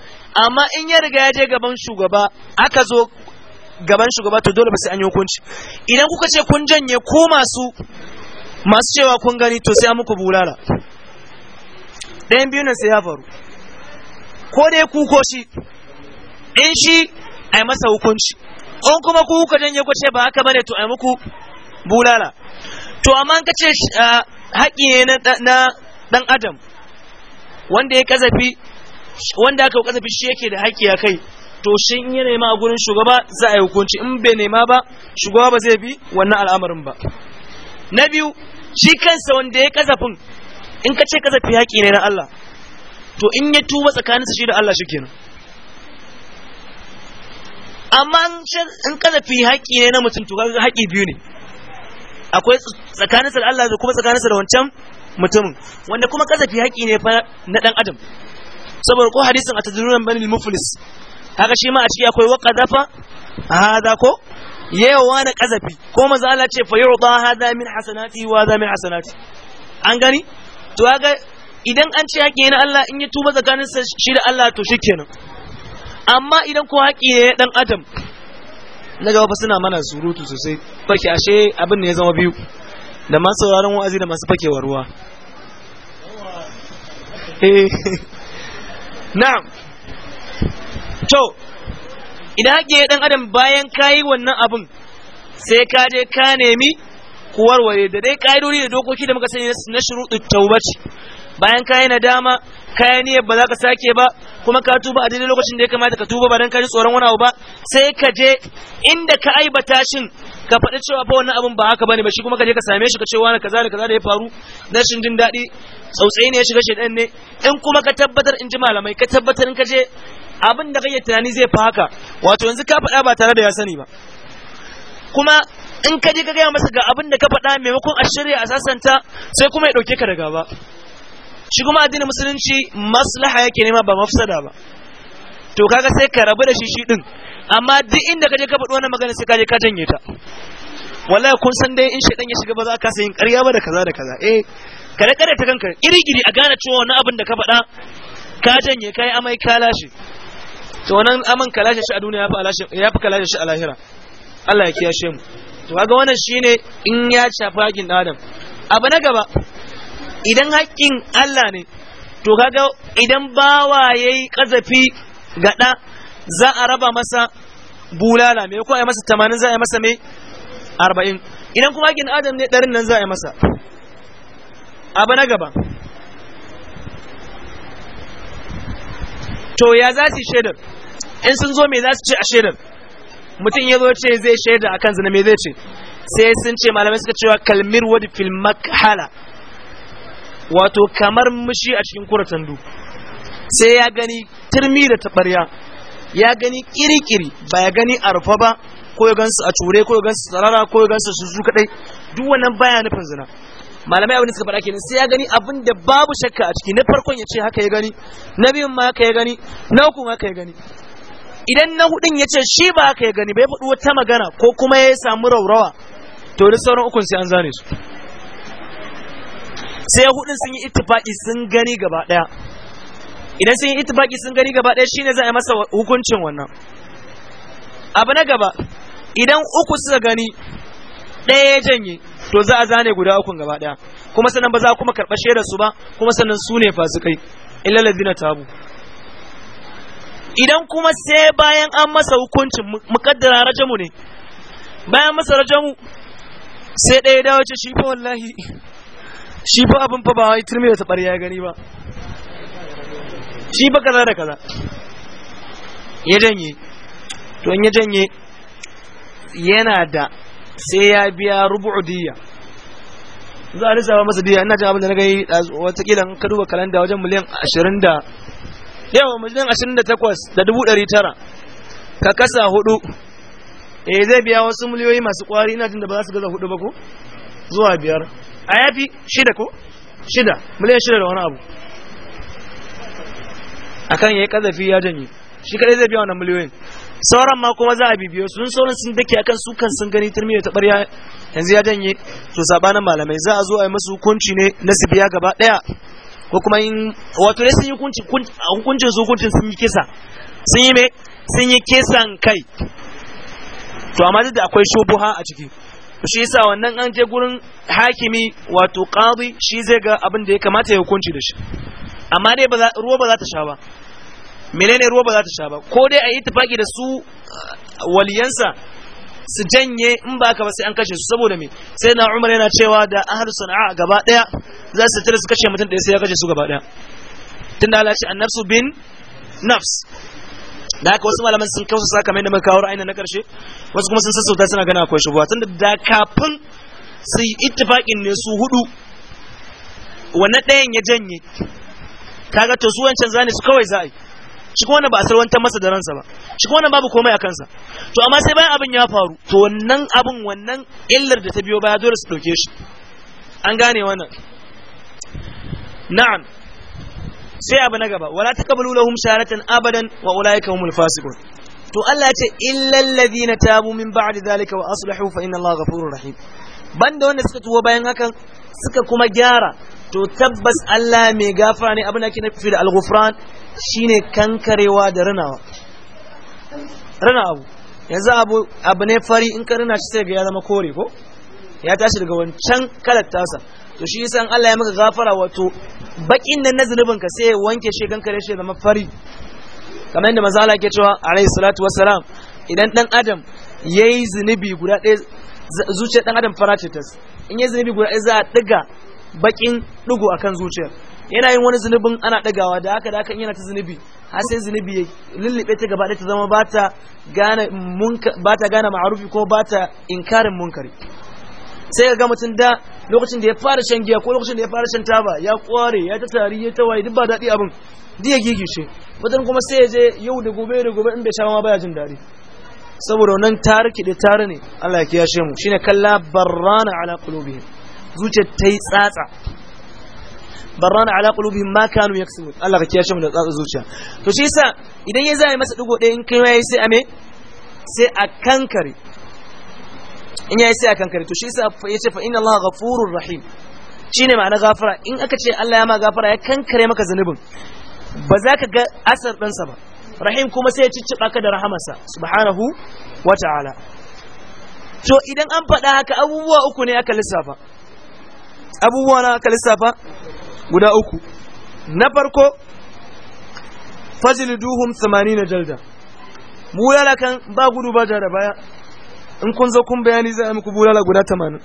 amma in ya riga ya je gaban shugaba aka zo gaban shugaba to dole ba sai an yi hukunci idan kuka ce kun janye ko masu masu cewa kun gani to sai an muku bulala ɗayan biyu nan sai ya faru ko dai ku ko shi in shi a yi masa hukunci in kuma ku kuka janye ku ce ba haka bane to a yi muku bulala to amma ka ce haƙƙi ne na ɗan adam wanda ya kazafi wanda aka kazafi shi yake da haƙƙi a kai to shi in ya nema a gurin shugaba za a yi hukunci in bai nema ba shugaba ba zai bi wannan al'amarin ba na biyu shi kansa wanda ya kazafin in ka ce kazafi haƙi ne na Allah to in ya tuba tsakaninsa shi da Allah shi kenan amma in kazafi haƙi ne na mutum to kaga haƙi biyu ne akwai tsakaninsa da Allah da kuma tsakaninsa da wancan mutumin wanda kuma kasafi haƙi ne fa na dan adam saboda ko hadisin atadruna banil muflis haka shi ma a ciki akwai waqadafa hada ko yawa na kazafi ko manzo Allah ce fa yurda hada min hasanati wa hada min hasanati an gani to haka idan an ce haƙi ne Allah in ya tuba tsakanin shi da Allah to shikenan amma idan ko haƙi ne dan adam na gaba suna mana surutu sosai barki ashe abin ne ya zama biyu da masu sauraron wa'azi da masu fakewar ruwa eh. na'am to idan ake ɗan adam bayan kayi wannan abun sai ka je ka nemi kuwarware da dai ƙa'idodi da dokoki da muka sani na shuruɗin taubaci bayan kayi nadama kayi niyyar ba za ka sake ba kuma ka tuba a daidai lokacin da ya kamata ka tuba ba dan ka ji tsoron wani abu ba sai ka je inda ka aibata shin ka faɗi cewa fa wannan abin ba haka bane ba shi kuma ka je ka same shi ka ce wani kaza ne kaza da ya faru na shin jin daɗi tsautsayi ne ya shiga shi ne in kuma ka tabbatar in ji malamai ka tabbatar in ka je abin da kake tunani zai fa haka wato yanzu ka faɗa ba tare da ya sani ba kuma in ka je ka gaya masa ga abin da ka faɗa maimakon a shirya a sasanta sai kuma ya ɗauke ka da gaba shi kuma addinin musulunci maslaha yake nema ba mafsada ba to kaga sai ka rabu da shi shi din amma duk inda kaje ka faɗi wannan magana sai kaje ka janye ta wallahi kun san dai in shaidan ya shiga ba za ka sayin ƙarya ba da kaza da kaza eh kare kare ta kanka iri-iri a gane cewa wani abin da ka faɗa ka janye kai amai ka lashe to wannan aman ka lashe shi a duniya ya fi ka lashe shi a lahira Allah ya kiyashe mu to kaga wannan shine in ya shafi hakkin adam abu na gaba idan hakkin Allah ne to kaga idan bawa yayi kazafi ga da za a raba masa bulala me kuma a yi masa tamanin za a yi masa me arba'in idan kuma haƙƙin adam ne ɗarin nan za a yi masa abu na gaba to ya za su yi shaidar in sun zo me za su ce a shaidar mutum ya zo ce zai shaida a kan zina me zai ce sai sun ce malamai suka cewa kalmir wadi fil makhala wato kamar mushi a cikin kuratandu sai ya gani turmi da taɓarya ya gani kirikiri ba ya gani arfa ba ko ya gansu a ture ko ya gansu tsarara ko ya gansu su kadai duk wannan baya nufin zina malamai abin da suka faɗa kenan sai ya gani abin da babu shakka a ciki na farkon ya ce haka ya gani na biyun ma haka ya gani na uku haka ya gani idan na hudun ya ce shi ba haka ya gani bai faɗi wata magana ko kuma ya samu raurawa to da sauran ukun sai an zane su sai hudun sun yi ittifaqi sun gani gaba daya idan sun yi itibaki sun gani gaba ɗaya shine za a yi masa hukuncin wannan abu na gaba idan uku suka gani ɗaya ya janye to za a zane guda ukun gaba ɗaya kuma sannan ba za a kuma karɓa shaidar su ba kuma sannan su ne fasikai illa ladina tabu idan kuma sai bayan an masa hukuncin mukaddara rajamu ne bayan masa rajamu sai ɗaya ya dawo ce shi fa wallahi shi fa abin fa ba wai turmi da taɓar ya gani ba shi ba kaza da kaza ya janye to in ya janye yana da sai ya biya rubu'u diya za a lissafa masa diya ina jin abin da na gani watakila in ka duba kalanda wajen miliyan ashirin da yawa miliyan ashirin da takwas da dubu ɗari tara ka kasa hudu eh zai biya wasu miliyoyi masu kwari ina jin da ba za su gaza hudu ba ko zuwa biyar a yafi shida ko shida miliyan shida da wani abu akan yayi kazafi ya janye shi kadai zai biya wannan miliyoyin sauran ma kuma za a bibiyo sun sauran sun dake akan su kan sun gani turmiya ta barya yanzu ya janye to sabanin malamai za a zo a yi musu hukunci ne na su biya gaba daya ko kuma in wato dai sun yi hukunci hukuncin su hukuncin sun yi kisa sun yi me sun yi kisan kai to amma duk da akwai shubuha a ciki shi yasa wannan an je gurin hakimi wato qadi shi zai ga abin da ya kamata ya hukunci da shi amma dai ruwa ba za ta sha ba menene ruwa ba za ta sha ba ko dai a yi tufaki da su uh, waliyansa su janye in ba ka ba sai an kashe su saboda me sai na umar yana cewa da ahal sana'a gaba daya za su tare su kashe mutum da sai ya kashe su gaba daya da Allah ce annafsu bin nafs da haka wasu malaman sun kausa saka mai da muka kawo ra'ayin na karshe wasu kuma sun sassauta suna gana akwai shubuwa tun da kafin su yi ittifaqin ne su hudu wannan ɗayan ya janye kaga to su wancan zane su kawai za yi shi kuma wannan ba a sarwantar masa da ransa ba shi kuma wannan babu komai a kansa to amma sai bayan abin ya faru to wannan abin wannan illar da ta biyo baya dole su dauke shi an gane wannan na'am sai abu na gaba wala taqbalu lahum sharatan abadan wa ulaika humul fasiqun to Allah ya ce illal ladina tabu min ba'di zalika wa aslihu fa inna Allah ghafurur rahim banda wanda suka tuwo bayan hakan suka kuma gyara to tabbas Allah mai gafara ne abin da ake nufi da al-ghufran shine kankarewa da rinawa rina abu yanzu abu abu ne fari in ka rina shi sai ga ya zama kore ko ya tashi daga wancan kalar tasa to shi yasa Allah ya maka gafara wato bakin nan na zulubin ka sai wanke shi kankare shi zama fari kamar yadda manzo Allah ke cewa alayhi salatu wassalam idan dan adam yayi zunubi guda ɗaya zuciyar dan adam fara ce tas in yayi zunubi guda ɗaya za a diga bakin dugu akan zuciyar yana yin wani zunubin ana dagawa da haka da haka yana ta zunubi har sai zunubi ya lullube ta gaba ta zama bata gane bata gane ma'arufi ko bata inkarin munkari sai ga mutun da lokacin da ya fara shan giya ko lokacin da ya fara shan taba ya kware ya ta tari ya ta waye duk ba daɗi abin duk ya gigishe wajen kuma sai ya je yau da gobe da gobe in bai sha ba baya jin daɗi saboda wannan tarki da tare ne Allah ya kiyashe mu shine kalla barrana ala qulubihim zuciyar ta yi tsatsa barrana ala qulubihim ma kanu yaksubun Allah ka kiyashe mu da tsatsa zuciya to shi yasa idan ya zai masa dugo ɗaya in kai yayi sai ame sai a kankare in yayi sai a kankare to shi yasa yace fa inna Allah ghafurur rahim shine ma'ana gafara in aka ce Allah ya ma gafara ya kankare maka zanubin ba za ka ga asar ɗansa ba rahim kuma sai ya cicciɓa ka da rahamarsa subhanahu wa ta'ala to idan an faɗa haka abubuwa uku ne aka lissafa abubuwa na aka lissafa guda uku na farko samani na jalda bulala kan ba gudu ba da baya in kun zo kun bayani za a muku bulala guda tamanin.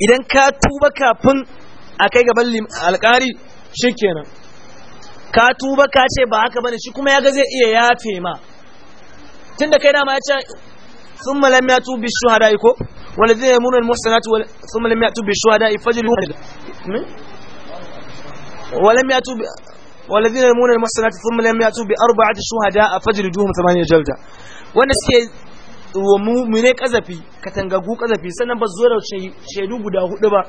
idan ka tuba kafin a kai gaban alkari kenan, ka tuba ka ce ba haka bane shi kuma ya ga zai iya yafe ma tunda kai dama ya ce sun malam ya tubi shuhada iko. والذين يمرون المحصنات ثم لم يأتوا بالشهداء فجلهم ولم يأتوا ب... والذين يمرون المحصنات ثم لم يأتوا بأربعة شهداء فجلدوهم ثمانية جلدة wanda suke wa mumine kazafi katangagu kazafi sannan ba su zo da shaidu guda hudu ba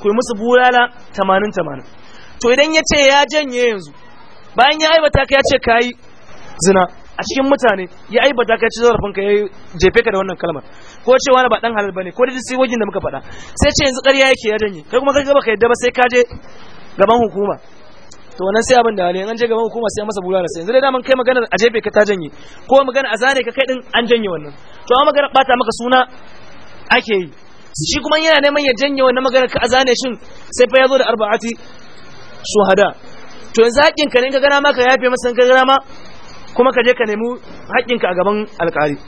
ku musu bulala 80 80 to idan ya ce ya janye yanzu bayan ya aibata ka ya ka yi zina a cikin mutane ya aibata ka ya ce zarafinka ya jefe ka da wannan kalmar ko cewa na ba dan halal bane ko da sai wajin da muka faɗa sai ce yanzu ƙarya yake ya janye kai kuma kai gaba ka yadda ba sai ka je gaban hukuma to wannan sai abin da wale an je gaban hukuma sai masa bulala sai yanzu dai daman kai magana a jefe ka ta janye ko magana a zane ka kai din an janye wannan to amma magana bata maka suna ake yi shi kuma yana neman ya janye wannan magana ka azane shin sai fa yazo da arba'ati shuhada to yanzu hakkin ka ne ka gana maka yafe masa ka gana ma kuma ka je ka nemi haƙƙin ka a gaban alƙali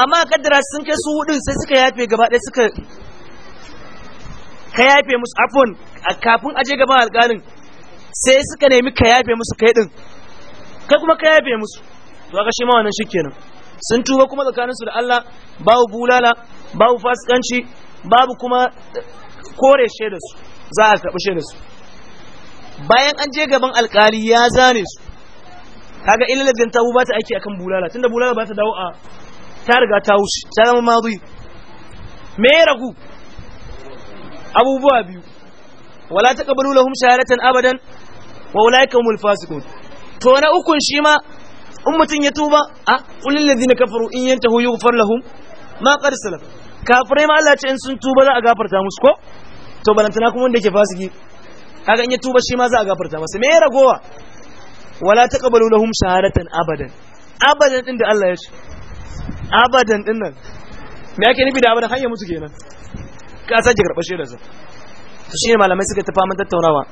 amma kaddara sun kai su hudun sai suka yafe gaba ɗaya suka ka yafe musu afon kafin aje gaban alƙalin sai suka nemi ka yafe musu kai din kai kuma ka yafe musu to aka shi ma wannan shikenan sun tuba kuma tsakanin su da Allah babu bulala babu fasikanci babu kuma kore shaida su za a karɓi shaida su bayan an je gaban alƙali ya zane su kaga illalazin tabu ba ta aiki akan bulala tunda bulala ba ta dawo a ta riga ta wuce ta zama mazi me ya ragu abubuwa biyu wala ta kabalu lahum shahadatan abadan wa ulaika humul fasiqun to na ukun shi ma in ya tuba a qul lil ladina kafaru in yantahu yughfar lahum ma qad salaf kafirai ma Allah ce in sun tuba za a gafarta musu ko to balantana kuma wanda yake fasiki kaga in ya tuba shi ma za a gafarta masa me ya ragowa wala taqbalu lahum shahadatan abadan abadan din da Allah ya ce abadan din nan me ake nufi da abadan hanyar mutu kenan ka sake karɓar sa to shine malamai suka tafa mun tattaunawa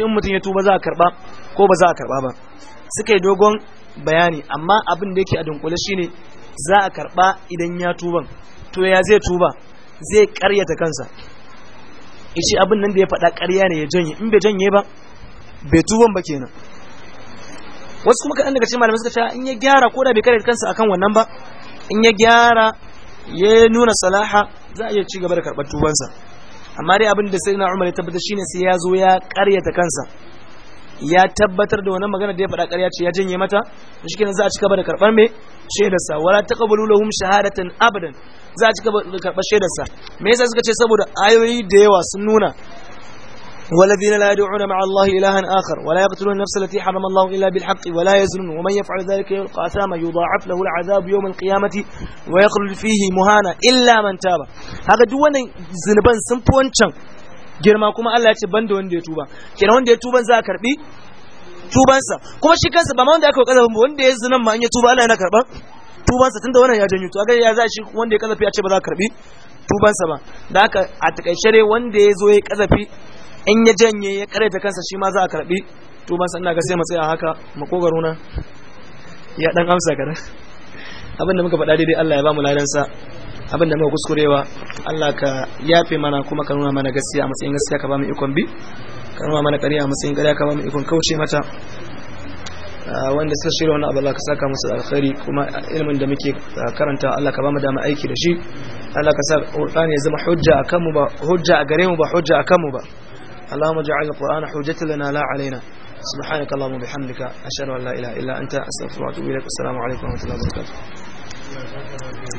in mutum ya tuba za a karɓa ko ba za a karɓa ba suka yi dogon bayani amma abin da yake a dunkule shine za a karɓa idan ya tuban to ya zai tuba zai karyata kansa ishi abin nan da ya faɗa ƙarya ne ya janye in bai janye ba bai tuban ba kenan wasu kuma kaɗan daga cikin malamai suka ce in ya gyara ko da bai karyata kansa akan wannan ba in ya gyara ya nuna salaha za a iya ci gaba da karɓar tubansa amma dai abin da na Umar ya tabbatar shine sai ya zo ya ta kansa ya tabbatar da wannan magana da ya faɗa ƙarya ce ya janye mata shikenan za a ci gaba da karɓar me shaidarsa wala taqbalu lahum shahadatan abadan za a ci gaba da karɓar shaidarsa me yasa suka ce saboda ayoyi da yawa sun nuna والذين لا يدعون مع الله إلها آخر ولا يقتلون النفس التي حرم الله إلا بالحق ولا يزنون ومن يفعل ذلك يلقى أثاما يضاعف له العذاب يوم القيامة ويخلد فيه مهانا إلا من تاب هذا دوانا زنبان سنفون girma kuma Allah ya ce banda wanda ya tuba kenan wanda ya tuban za a karbi tubansa kuma shi kansa ba ma wanda aka kaza ba wanda ya zinan ma an ya tuba Allah yana karban tubansa tunda wannan ya janyo to ya za shi wanda ya kazafi ba za a karbi tubansa ba da haka a wanda ya zo ya kazafi in ya janye ya karaita kansa shi ma za a karbi tuban sannan ga sai mu tsaya haka makogaro na ya dan amsa gara abinda muka faɗa daidai Allah ya ba mu ladan sa abinda muka kuskurewa Allah ka yafe mana kuma ka nuna mana gaskiya a matsayin gaskiya ka ba mu ikon bi ka nuna mana ƙarya a matsayin ƙarya ka ba mu ikon kauce mata wanda suka shirya wani abu Allah ka saka musu alkhairi kuma ilimin da muke karanta Allah ka bamu dama aiki da shi Allah ka sa Qur'ani ya zama hujja akan mu ba hujja a gare mu ba hujja akan mu ba اللهم اجعل القرآن حجة لنا لا علينا سبحانك اللهم وبحمدك أشهد أن لا إله إلا أنت أستغفرك وأتوب إليك والسلام عليكم ورحمة الله وبركاته